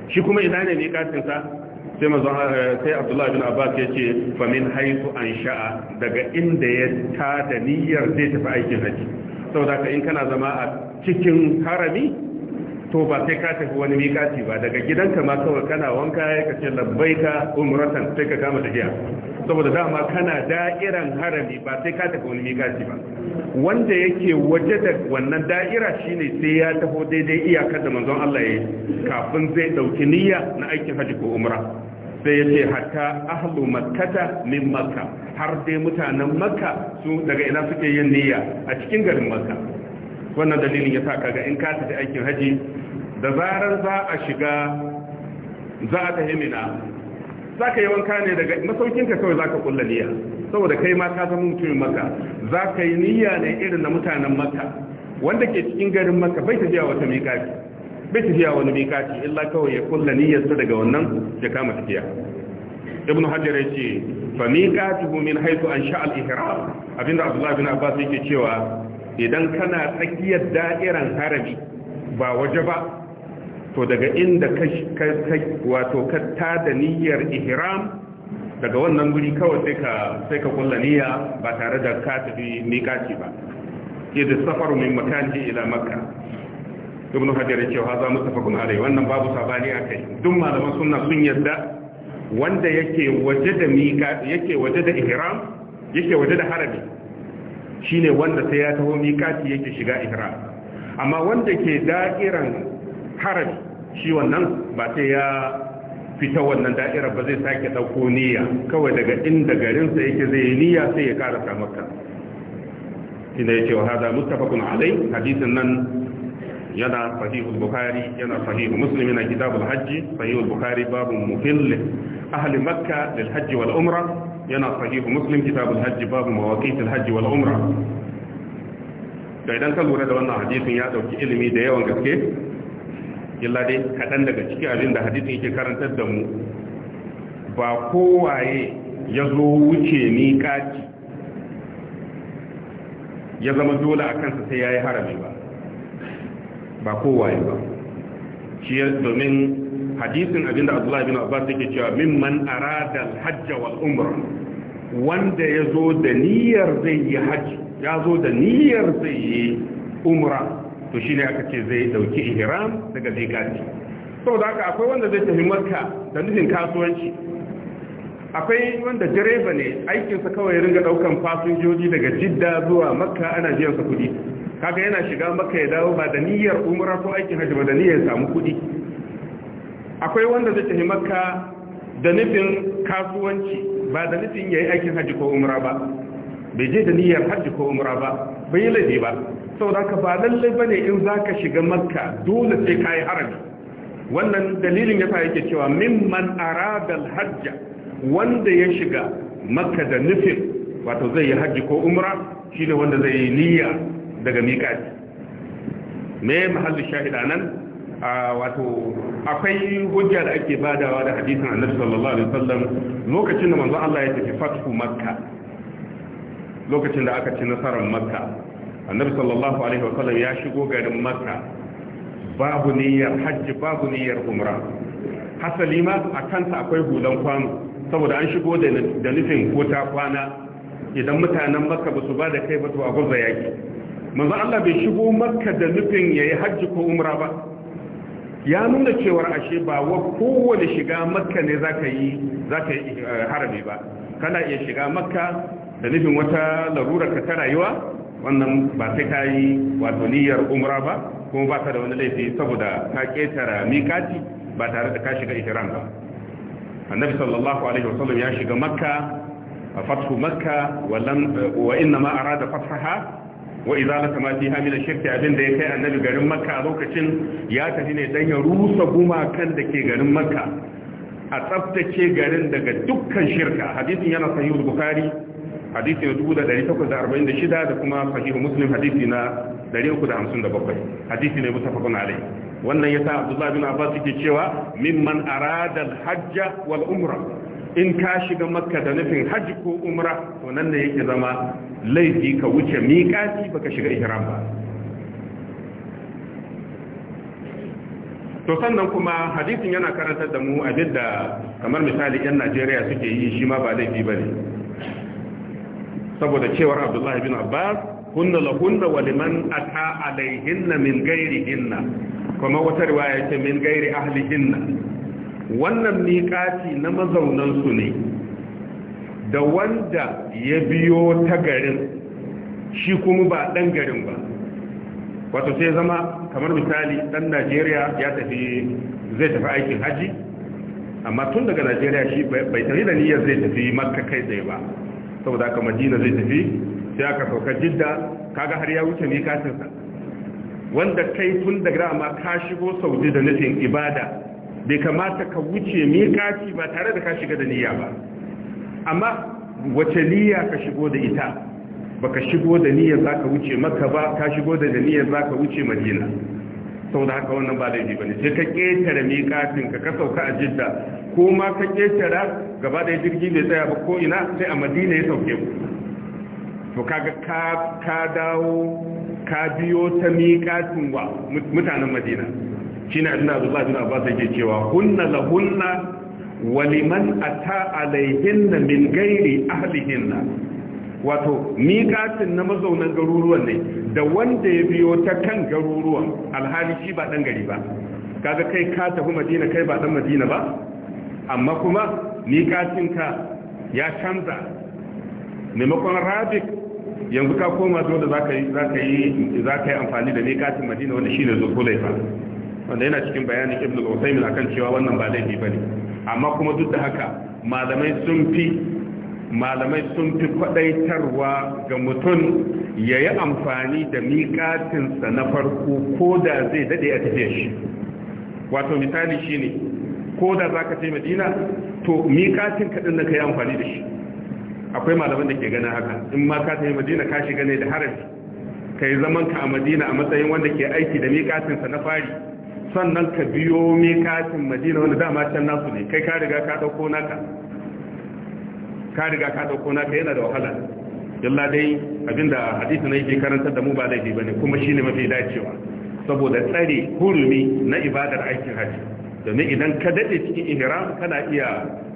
shi kuma ina ne miƙatinsa sai mazo sai abdullahi bin abbas ya ce famin min an sha'a daga inda ya da niyyar zai tafi aikin haji saboda ka in kana zama a cikin harami to ba sai ka tafi wani miƙaci ba daga gidanka ma kawai kana wanka ya ka ce labbaika umratan sai ka kama tafiya saboda dama kana da'iran harami ba sai ka tafi wani miƙaci ba wanda yake waje da wannan da'ira shine sai ya taho daidai iyakar da manzon Allah ya kafin zai dauki niyya na aikin haji ko umra sai yace ce hatta ahlu makkata min makka har dai mutanen makka su daga ina suke yin niyya a cikin garin makka wannan dalilin ya sa kaga in ka tafi aikin haji da zarar za a shiga za a tafi mina za ka yi wanka ne daga masaukinka kawai za ka kulla niyya saboda kai ma ka zama mutumin maka za ka yi niyya ne irin na mutanen maka wanda ke cikin garin maka bai tafiya wata miƙaci bai tafiya wani miƙaci illa kawai ya kulla niyyarsa daga wannan ya kama tafiya ibn hajar ce, fa miqatuhu min haythu an sha'a al-ihram abinda abdullah bin abbas yake cewa idan kana tsakiyar da'iran harami ba waje ba to daga inda ka wato ka da niyyar ihram daga wannan guri kawai sai ka sai ka kulla niyya ba tare da ka tafi miƙaci ba ke da safar min makanji ila makka ibn hajar ya ce wa za mu mutafakun alai wannan babu sabani akai duk malaman sunna sun yarda wanda yake waje da miƙa yake waje da ihram yake waje da harami shine wanda sai ya taho mikati yake shiga ihram amma wanda ke da'iran harami shi wannan ba sai ya fita wannan da'irar ba zai sake dauko niyya kawai daga inda garinsa yake zai yi niyya sai ya karasa makka shine yake wa hada muttafaqun alai hadisin nan yana sahihul bukhari yana sahihul muslim yana kitabul hajji sahihul bukhari babu muhill ahli makka lil hajji wal umrah yana sahihu muslim kitabul hajji babu mawaqitul hajji wal umra da idan ka lura da wannan hadisin ya dauki ilimi da yawan gaske illa dai kadan daga cikin abin da hadisin yake karantar da mu ba kowaye ya zo wuce ni kaci ya zama dole a kansa sai ya yi harami ba ba kowaye ba shi domin hadisin abinda abdullahi bin abbas yake cewa man arada al-hajj wal umra wanda yazo da niyyar zai yi haji yazo da niyyar zai yi umra to shine aka ce zai dauki ihram daga zikati saboda haka akwai wanda zai tafi makka da nufin kasuwanci akwai wanda direba ne aikinsa kawai ringa daukan fasinjoji daga jidda zuwa makka ana biyan sa kudi kaga yana shiga makka ya dawo ba da niyyar umra ko aikin hajji ba da niyyar samu kuɗi. akwai wanda zai tafi makka da nufin kasuwanci ba da nufin yayi aikin hajji ko umra ba bai je da niyyar hajji ko umra ba bai yi laifi ba saboda ka ba lallai bane in zaka shiga makka dole sai kai harami wannan dalilin yasa yake cewa mimman arada alhajja wanda ya shiga makka da nufin wato zai yi hajji ko umra shine wanda zai yi niyya daga miƙati me mahallin shahida nan wato akwai hujja da ake badawa da hadisin annabi sallallahu alaihi wasallam lokacin da manzon Allah ya tafi fatu makka lokacin da aka ci nasarar makka annabi sallallahu alaihi wasallam ya shigo garin makka babu niyyar hajji babu niyyar umra hasali ma a kanta akwai hulan kwano saboda an shigo da nufin ko ta kwana idan mutanen makka ba su ba da kai ba to a gurza yaki manzo Allah bai shigo makka da nufin yayi hajji ko umra ba ya nuna cewar ashe ba wa kowane shiga makka ne za ka yi eh, harami ba kana iya shiga makka da nufin wata larura ka ta rayuwa wannan ba sai ka yi wato niyyar umra ba kuma ba ta da wani laifi saboda ka ketara mikati ba tare da ka shiga ihram ba annabi sallallahu alaihi wasallam ya shiga makka a fathu makka wa inna ma arada fathaha wa izalata ma fiha min ash abin da ya kai annabi garin makka a lokacin ya tafi ne dan ya rusa gumakan da ke garin makka a tsaftace garin daga dukkan shirka hadisin yana sahihu bukhari hadisi na 1846 da kuma sahihu muslim hadisi na 357 hadisi ne mutafaqun alai wannan yasa abdullahi bin abbas yake cewa mimman arada al-hajja wal umrah in ka shiga makka da nufin hajji ko umra to nan da yake zama laifi ka wuce miƙati baka shiga ihram ba to sannan kuma hadisin yana karantar da mu abin da kamar misali 'yan najeriya suke yi shi ma ba laifi ba ne saboda cewar abdullahi bin abbas kunna lahunna wa liman ata alaihinna min hinna kuma wata riwaya ce min gairi hinna. wannan miƙati na mazaunansu ne da wanda ya biyo ta garin shi kuma ba ɗan garin ba wato sai zama kamar misali ɗan najeriya ya tafi zai tafi aikin haji amma tun daga najeriya shi bai tafi da niyyar zai tafi makka kai tsaye ba saboda aka madina zai tafi sai aka sauka jidda kaga har ya wuce miƙatinsa wanda kai tun daga amma ka shigo saudi da nufin ibada bai kamata ka wuce miƙaci ba tare da ka shiga da niyya ba amma wace niyya ka shigo da ita baka shigo da niyya za ka wuce maka ba ka shigo da niyya za ka wuce madina sau da haka wannan ba laifi ba ne sai ka ƙetare miƙatin ka ka sauka a jidda ko ma ka ƙetare gaba da jirgi bai tsaya ba ko ina sai a madina ya sauke ku to kaga ka dawo ka biyo ta miƙatin wa mutanen madina shine annabi Abdullah ba Abbas yake cewa kunna lahunna wa liman ata alaihinna min gairi ahlihinna wato miƙatin na mazaunan garuruwan ne da wanda ya biyo ta kan garuruwan alhali shi ba dan gari ba kaga kai ka tafi Madina kai ba dan Madina ba amma kuma ka ya canza maimakon rabik yanzu ka koma zo da za ka yi amfani da miƙatin madina wanda shi ne zurfulaifa wanda yana cikin bayanin ibn al uthaymeen akan cewa wannan ba laifi bane amma kuma duk da haka malamai sun fi malamai sun fi kwadaitarwa ga mutum yayi yi amfani da miƙatinsa na farko ko da zai daɗe a tafiya shi wato misali shi ne ko da za ka madina to miƙatin ka na ka yi amfani da shi akwai malaman da ke ganin haka in ma ka tafi madina ka shiga ne da harafi ka yi zaman ka a madina a matsayin wanda ke aiki da miƙatinsa na fari sannan ka biyo katin madina wanda dama can nasu ne kai ka ka dauko naka ka ka dauko naka yana da wahala yalla dai abinda hadisi na yake karantar da mu ba laifi bane kuma shine mafi dacewa saboda tsare hurumi na ibadar aikin haji domin idan ka dade cikin ihram kana iya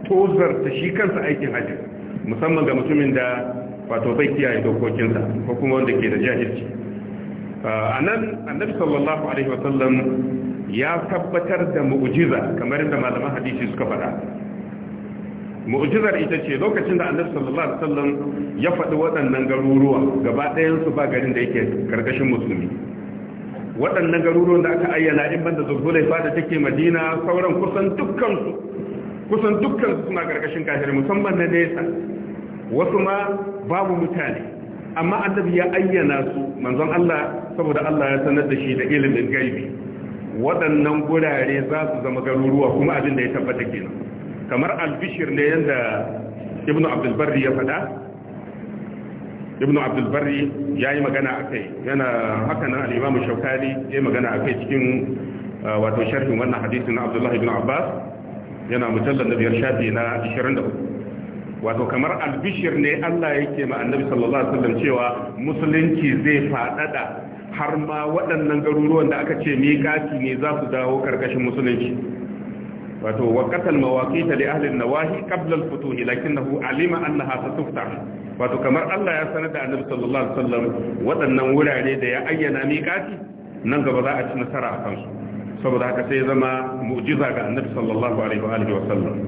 tozar ta shi kansa aikin haji musamman ga mutumin da wato bai kiyaye dokokinsa ko kuma wanda ke da jahilci a nan annabi sallallahu alaihi sallam ya tabbatar da mu'jiza kamar da malaman hadisi suka faɗa mu'jizar ita ce lokacin da annabi sallallahu alaihi wasallam ya faɗi waɗannan garuruwa gaba ɗayan su ba garin da yake karkashin musulmi waɗannan garuruwan da aka ayyana in banda zulhulaifa da take madina sauran kusan dukkan su kusan dukkan su suna karkashin musamman na nesa wasu ma babu mutane amma annabi ya ayyana su manzon Allah saboda Allah ya sanar da shi da ilimin gaibi waɗannan gurare za su zama garuruwa kuma abin da ya tabbata kenan kamar albishir ne yadda ibnu Abdulbari ya faɗa ibnu Abdulbari ya yi magana a kai yana haka nan al'imamu shaukali ya yi magana a kai cikin ah, wato sharhin wannan hadisun na abdullahi ibn abbas yana mujallar na biyar shafi na 23 wato kamar albishir ne allah yake ma annabi sallallahu alaihi wasallam cewa musulunci zai faɗaɗa har ma waɗannan garuruwan da aka ce miƙati ne za su dawo ƙarƙashin musulunci wato wa qatal mawaqita li ahli an-nawahi qabla al-futuh lakinnahu alima annaha satufta wato kamar Allah ya sanar da Annabi sallallahu alaihi wasallam waɗannan wurare da ya ayyana miƙati nan gaba za a ci nasara a kansu saboda haka sai zama mu'jiza ga Annabi sallallahu alaihi wa sallam. wasallam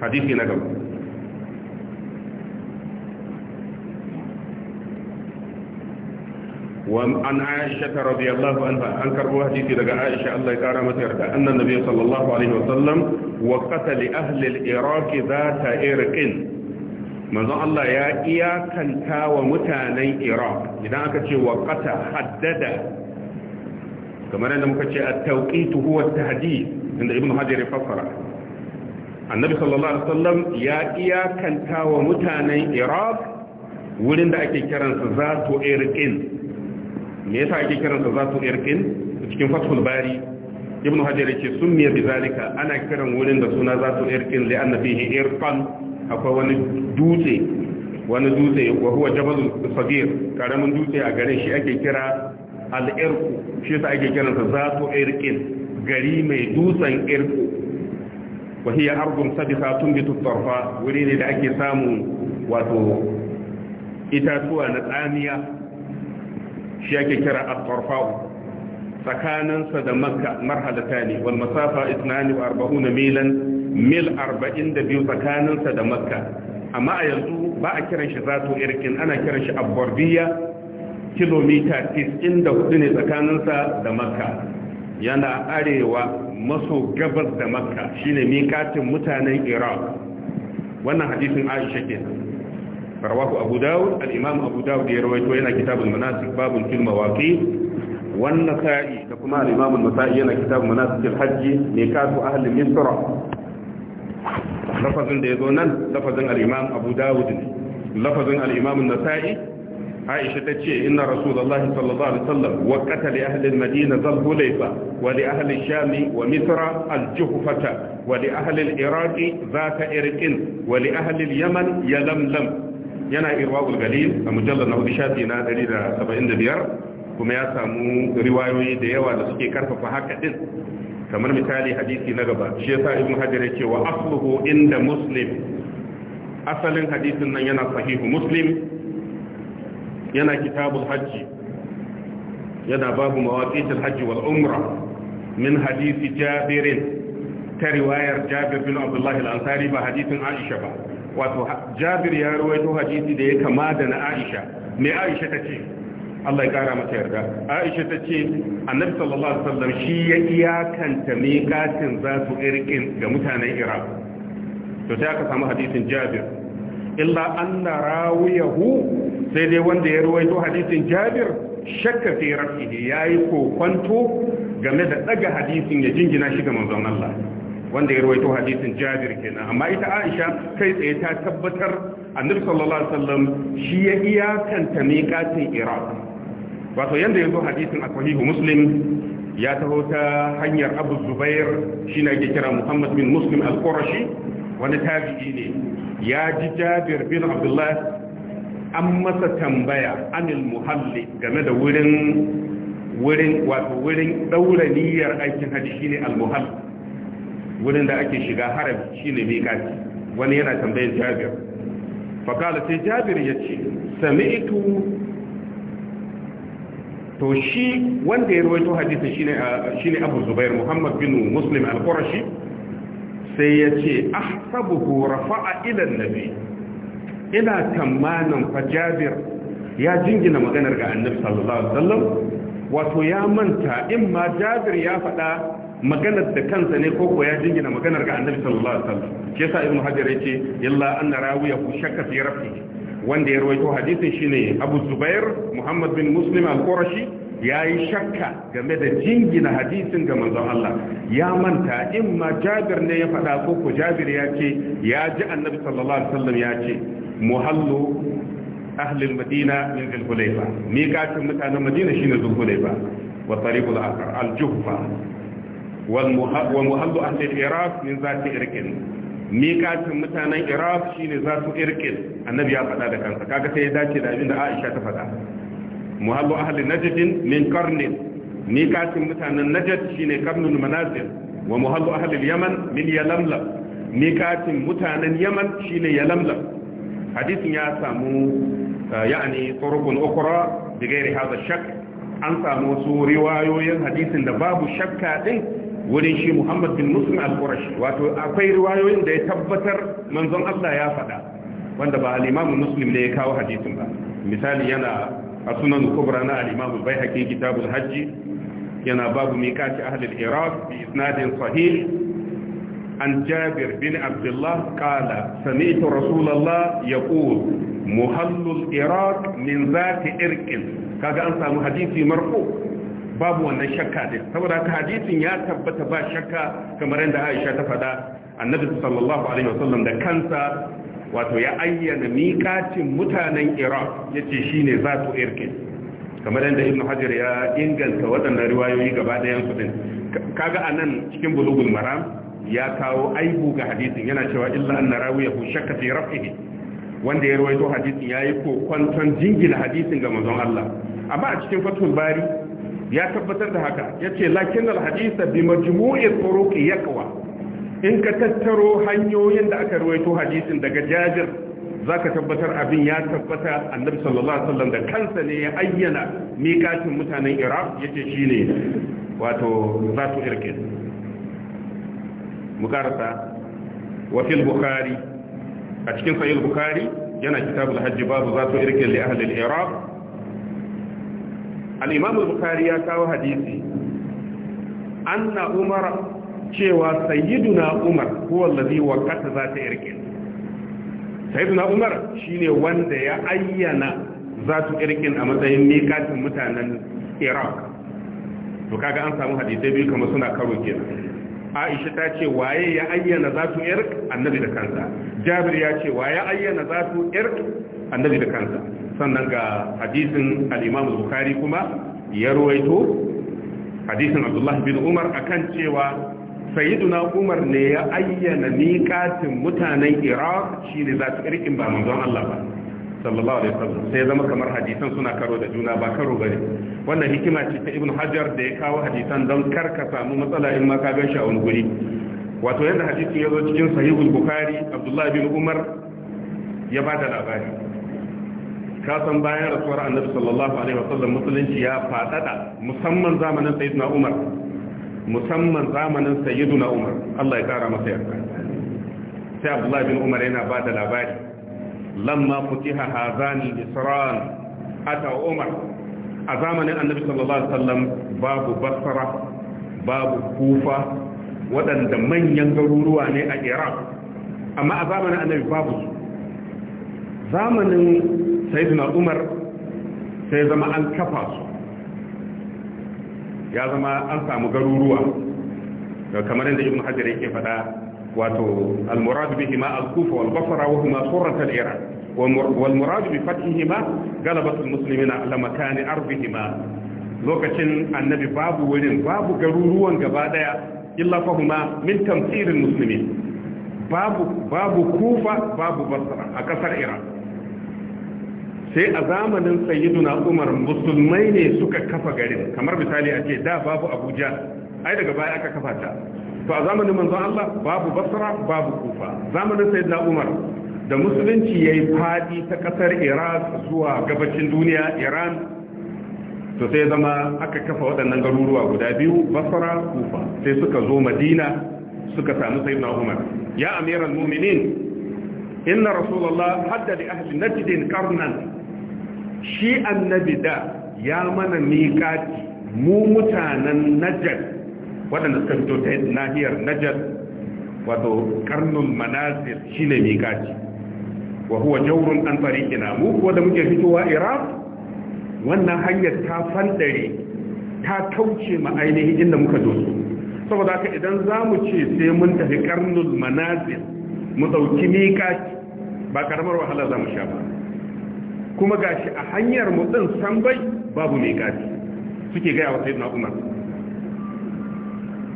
hadisi na gaba وعن عائشة رضي الله عنها أنكر وحديثي لقى عائشة الله كارمة إرقى أن النبي صلى الله عليه وسلم وقتل أهل الإراك ذات إرق ماذا الله يا إيا تاوى متاني إراك إذا أكتش وقت حدد كما أنه مكتش التوقيت هو التهديد عند ابن حجر فصرة النبي صلى الله عليه وسلم يا إيا تاوى متاني إراك ولن دا أكي كرنس ذات إرقين me yasa ake kiran kiransa zatu irqin cikin fathul bari ibn hajar yake sunniya bizalika ana kiran wurin da suna zatu irqin li anna fihi irqan akwai wani dutse wani dutse wa huwa jabal sabir karamin dutse a garin shi ake kira al irku shi yasa ake kiran kiransa zatu irqin gari mai dutsen irku wa hiya ardun sabiqa tunbitu tarfa wuri ne da ake samu wato itatuwa na tsamiya shi yake kira at-tarfa'u tsakaninsa da makka marhalata ne wal masafa 42 milan mil 42 tsakaninsa da makka amma a yanzu ba a kiran shi zato irkin ana kiran shi abubuwa kilomita 94 ne tsakaninsa da makka yana arewa maso gabas da makka shine mikatin mutanen iraq wannan hadisin aisha kenan rawahu abu dawud al-imam abu dawud ya rawaito yana kitabul manasik babul fil mawaqi wan nasa'i da kuma al-imam an-nasa'i yana kitabul manasik al-hajj mikatu ahli misr lafazin da yazo nan lafazin al-imam abu dawud ne lafazin al-imam an-nasa'i عائشة تشي إن رسول الله صلى الله عليه wali وقت Shami wa ذا الهليفة ولأهل الشام li الجهفة ولأهل العراق ذات ahli Yaman ya lamlam. yana irwaqul galil a mujallar na hudu na 175 kuma ya samu riwayoyi da yawa da suke karfafa haka din kamar misali hadisi na gaba shi yasa ibn hajar wa asluhu inda muslim asalin hadisin nan yana sahihu muslim yana kitabul hajji yana babu mawaqitul hajji wal umra min hadisi jabir ta riwayar jabir bin Abdullahi al-ansari ba hadisin aisha ba wato jabir ya ruwaito hadisi da ya kama da na aisha me aisha ta ce Allah ya kara mata yarda aisha ta ce annabi sallallahu alaihi wasallam shi ya iyakanta miƙatin za su irkin ga mutanen iraq to sai aka samu hadisin jabir illa anna rawiyahu sai dai wanda ya ruwaito hadisin jabir shakka fi rafihi yayi kokwanto game da daga hadisin ya jingina shi ga manzon Allah wanda ya rawaito hadisin jabir kenan amma ita aisha kai tsaye ta tabbatar annabi sallallahu alaihi wasallam shi ya iyakanta miqatin iraq wato yanda yazo hadisin a sahihu muslim ya taho ta hanyar abu zubair shi na ke kira muhammad bin muslim al-qurashi wani tabi'i ne ya ji jabir bin abdullah an masa tambaya anil muhalli game da wurin wurin wato wurin daura niyyar aikin hajji ne al-muhalli wurin da ake shiga shi ne miƙati wani yana tambayar jabir faƙala sai jabir ya ce sami'tu to shi wanda ya ruwaito hadisi shine shine Abu Zubair Muhammad bin Muslim al-Qurashi sai ya ce ahsabuhu rafa'a ila an-nabi ina tamanin fa Jabir ya jingina maganar ga Annabi sallallahu alaihi wasallam wato ya manta in ma Jabir ya faɗa maganar da kansa ne ko ya jingina maganar ga annabi sallallahu alaihi wasallam shi yasa ibnu hajar yace illa anna rawiya ku shakka fi rafi wanda ya rawaito hadisin shine abu zubair muhammad bin muslim al-qurashi yi shakka game da jingina hadisin ga manzon Allah ya manta in ma jabir ne ya faɗa ko ko jabir ya ce ya ji annabi sallallahu alaihi wasallam ya ce muhallu ahli madina min dhul-hulayfa miqatin mutanen madina shine dhul-hulayfa wa tariqul aqra al-juhfa ومحمد أهل العراق من ذات إركن ميكا متانا إراق شين ذات إركن النبي أفضى ذلك فكاكا سيدا كذا من عائشة فضى محمد أهل نجد من قرن ميكا متانا نجد شين قرن المنازل ومحمد أهل اليمن من يلملا ميكا متانا يمن شين يلملا حديث ياسا يعني طرق أخرى بغير هذا الشك an موسو wasu riwayoyin hadisin da babu wurin shi Muhammad bin Muslim al-Qurashi wato akwai riwayoyin da ya tabbatar manzon Allah ya faɗa wanda ba al-Imam Muslim ne ya kawo hadisin ba misali yana a sunan kubra na al-Imam al-Baihaqi kitabul hajji yana babu miqati ahli al-Iraq bi isnadin sahih an Jabir bin Abdullah qala sami'tu Rasulullah yaqul muhallul Iraq min zati irqin kaga an samu hadisi marfu babu wannan shakka din saboda haka hadisin ya tabbata ba shakka kamar yadda Aisha ta faɗa annabi sallallahu alaihi wasallam da kansa wato ya ayyana miƙacin mutanen Iraq yace shine zatu irkin kamar yadda Ibn Hajar ya inganta waɗannan riwayoyi gaba ɗayan su din kaga anan cikin bulugul maram ya kawo aibu ga hadisin yana cewa illa anna rawiyahu shakka fi raf'ihi wanda ya rawaito hadisin yayi kokon jingina hadisin ga manzon Allah amma a cikin fatul bari ya tabbatar da haka ya ce lakin alhadisa bi majmu'in ya kawa in ka tattaro hanyoyin da aka ruwaito hadisin daga jajir ka tabbatar abin ya tabbata annabi sallallahu alaihi wasallam da kansa ne ya ayyana miƙatin mutanen iraq shi ne. wato zatu Mu mukarata wa fil bukhari a cikin sahih bukhari yana kitabul hajj babu zatu irke li ahli al-iraq al-imam al-bukhari ya kawo hadisi anna umar cewa sayyiduna umar wa kata za ta irkin sayyiduna umar shine wanda ya ayyana zatu irkin a matsayin miƙatin mutanen iraq to kaga an samu hadisi biyu kamar suna karo kenan Aisha ta ce waye ya ayyana zatu irk annabi da kansa Jabir ya ce waye ayyana zatu irk annabi da kansa sannan ga hadisin al bukhari kuma ya ruwaito hadisin abdullah bin umar akan cewa sayyiduna umar ne ya ayyana miƙatin mutanen iraq shine za su irkin ba manzon Allah ba sallallahu alaihi wasallam sai zama kamar hadisan suna karo da juna ba karo bane wannan hikima ce ta ibnu hajar da ya kawo hadisan don kar ka samu matsala in ma ka gan shi a wani guri wato yadda hadisin ya zo cikin sahihul bukhari abdullahi bin umar ya ba da labari ka san bayan rasuwar annabi sallallahu alaihi wasallam musulunci ya fadada musamman zamanin sayyidina umar musamman zamanin sayyidina umar Allah ya kara masa yarda sai abdullahi bin umar yana ba da labari lamma futiha hazani isran ata umar a zamanin annabi sallallahu alaihi wasallam babu basra babu kufa waɗanda manyan garuruwa ne a iraq amma a zamanin annabi babu su zamanin sayyidina umar sai zama an kafa su ya zama an samu garuruwa kamar yadda yin hajar yake faɗa wato al-murad bihi ma al-kufa wal basra wa huma surrat al-iraq wal murad bi fathihima lokacin annabi babu wurin babu garuruwan gaba daya illa fahuma min tamthir al babu kufa babu basra a kasar iraq sai a zamanin sayyiduna umar musulmai ne suka kafa garin kamar misali a ce da babu abuja ai daga baya aka kafa ta to a zamanin manzon Allah babu basra babu kufa zamanin sayyiduna umar da musulunci yayi fadi ta kasar iraq zuwa gabacin duniya iran to sai zama aka kafa waɗannan garuruwa guda biyu basra kufa sai suka zo madina suka samu sayyiduna umar ya amiral mu'minin inna rasulullah hadda li ahli najd qarnan shi annabi da ya mana miƙati mu mutanen najar waɗanda suka fito ta nahiyar najar wato karnin manazir shi ne miƙati wa huwa jaurun an tsarikina mu kuwa da muke fitowa iraq wannan hanyar ta fanɗare, ta kauce ma ainihin inda muka su saboda ka idan za mu ce sai mun tafi karnin manazir mu ɗauki miƙati ba ƙaramar wahala za mu sha ba kuma gashi a hanyar mu san bai babu mai gadi suke gaya wa sayyidina Umar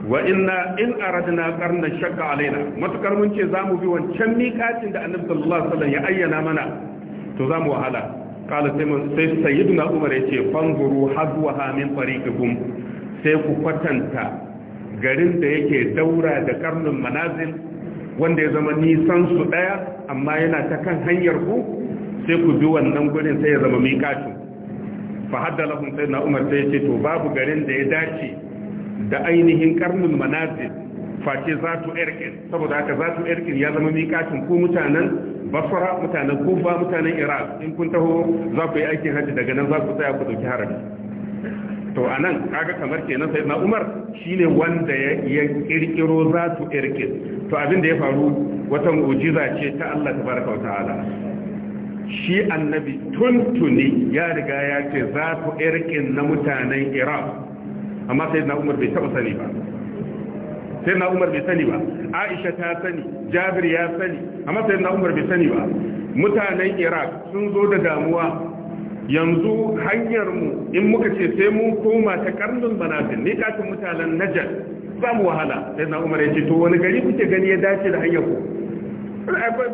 wa inna in aradna qarna shakka alaina matukar mun ce zamu bi wancan miqatin da Annabi sallallahu alaihi wasallam ya ayyana mana to zamu wahala qala sai sayyidina Umar ya ce fanzuru hadwaha min tariqikum sai ku kwatanta garin da yake daura da karnin manazil wanda ya zama nisan su daya amma yana ta kan hanyar ku sai ku bi wannan gurin sai ya zama miƙatu fa hadda lahum sayyidina umar sai ya ce to babu garin da ya dace da ainihin karnul manazil face zatu irkin saboda haka zatu irkin ya zama miƙatun ku mutanen basra mutanen kufa mutanen iraq in kun taho za ku yi aikin hajji daga nan za ku tsaya ku dauki haraji to a nan kaga kamar kenan sai na umar shine wanda ya kirkiro za su irkin to abin da ya faru wata mu'jiza ce ta Allah tabaraka wa ta'ala shi annabi tuntuni ya riga ya ce za ku irkin na mutanen iraq amma sai na umar bai taba sani ba sai na umar bai sani ba aisha ta sani jabir ya sani amma sai na umar bai sani ba mutanen iraq sun zo da damuwa yanzu hanyar mu in muka ce sai mun koma ta karnin banafin ne kafin mutanen najar za mu wahala sai na umar ya ce to wani gari kuke gani ya dace da hanyar ku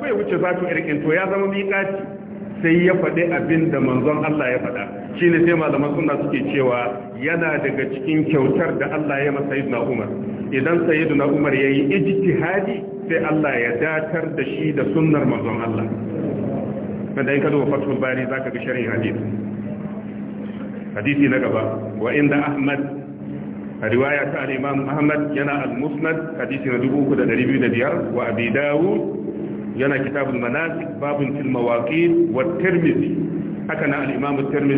bai wuce za to irkin to ya zama miƙaci sai ya faɗi abin da manzon Allah ya faɗa shi ne sai malaman suna suke cewa yana daga cikin kyautar da Allah ya masa yi Umar idan sayyiduna Umar ya yi ijtihadi sai Allah ya datar da shi da sunnar manzon Allah kada in ka duba fatul bari zaka ga sharhin hadisi hadisi na gaba wa inda Ahmad riwaya ta al-Imam Ahmad yana al-Musnad hadisi na 3205 wa Abi Dawud yana kitabul manasik babun fil mawaqit wa tirmidhi haka nan al-imam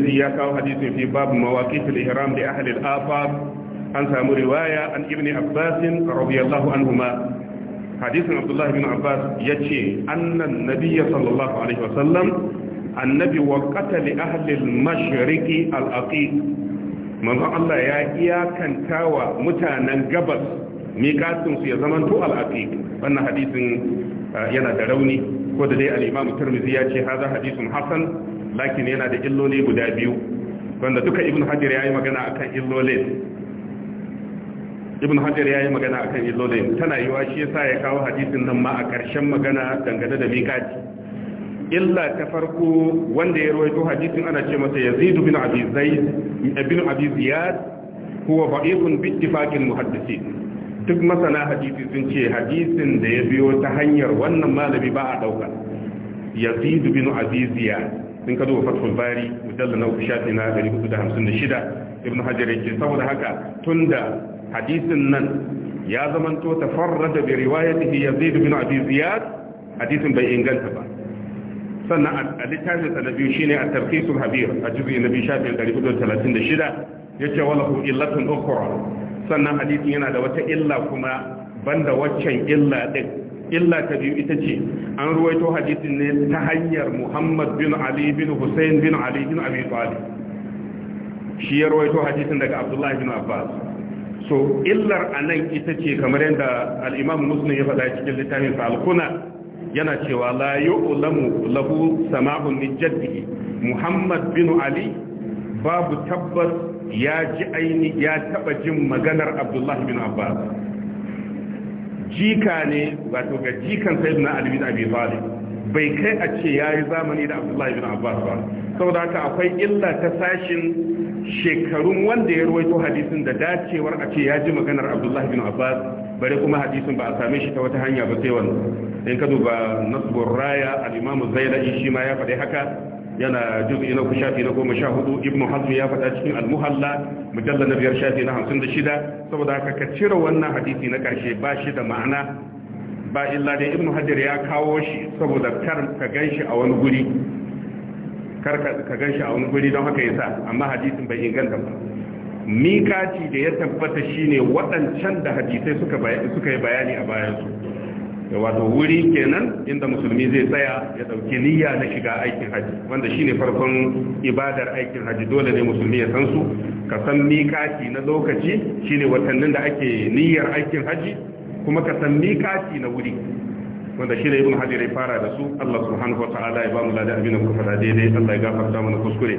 ya kawo hadisin fi babun mawaqit al-ihram li ahli al an samu riwaya an ibni abbas radiyallahu anhuma hadisin Abdullahi ibn abbas ya ce annan nabiyya sallallahu alaihi wasallam annabi waqata li ahli al-mashriqi al-aqiq manzon Allah ya iyakanta wa mutanen gabas miƙatinsu ya zamanto al'aƙiƙ wannan hadisin yana da rauni ko da dai al-Imam ya ce haza hadithun Hassan lakin yana da illoli guda biyu wanda duka Ibn ya yi magana akan illolin Ibn ya yi magana kan illolin tana yiwa shi yasa ya kawo hadisin nan ma a ƙarshen magana dangane da mikaci illa ta farko wanda ya rawaito hadisin ana ce masa yazidu bin Abi Zaid ibn Abi Ziyad huwa da'ifun bi duk masana hadisi sun ce hadisin da ya biyo ta hanyar wannan malami ba a ɗauka dauka yazid bin aziziya sun ka duba fathul bari mujallal na shafi na shida ibn hajar yake saboda haka da hadisin nan ya zamanto tafarrada bi riwayatihi yazid bin aziziya hadisin bai inganta ba sannan a littafin sa na biyu shine at-tarqisul habir a juz'i na biyu shafi ya ce wala hu illatun ukhra sannan hadisin yana da wata illa kuma banda waccan illa din illa ta biyu ita ce an ruwaito hadisin ne ta hanyar Muhammad bin Ali bin Hussein bin Ali bin Abi Talib shi ya ruwaito hadisin daga Abdullahi bin Abbas so illar anan ita ce kamar yadda al-Imam Muslim ya faɗa cikin littafin al-Kuna yana cewa la yu'lamu lahu sama'un min jaddihi Muhammad bin Ali babu tabbas ya ji aini ya taba jin maganar abdullahi bin abbas jika ne wato ga jikan sai na alibi da abi bai kai a ce ya yi zamani da abdullahi bin abbas ba saboda haka akwai illa ta sashin shekarun wanda ya ruwaito hadisin da dacewar a ce ya ji maganar abdullahi bin abbas bare kuma hadisin ba a same shi ta wata hanya ba sai wannan in ka duba nasbur raya al-imam shi ma ya faɗi haka yana juz'i ina ku shafi na goma sha hudu ibn hazm ya faɗa cikin almuhalla muhalla mujallal na biyar shafi na hamsin da shida saboda haka ka cire wannan hadisi na ƙarshe ba shi da ma'ana ba illa da ibn hajar ya kawo shi saboda kar ka ganshi a wani guri kar ka ganshi a wani guri don haka yasa amma hadisin bai inganta ba miƙaci da ya tabbata shine waɗancan da hadisai suka suka yi bayani a bayansu da wato wuri kenan inda musulmi zai tsaya ya dauki niyya na shiga aikin haji wanda shine farkon ibadar aikin hajji dole ne musulmi ya san su ka san miƙati na lokaci shine watannin da ake niyyar aikin hajji kuma ka san miƙati na wuri wanda shine da ibn hajar ya fara da su Allah subhanahu wa ta'ala ya ba mu ladan abin da muka faɗa daidai Allah ya gafarta mana kuskure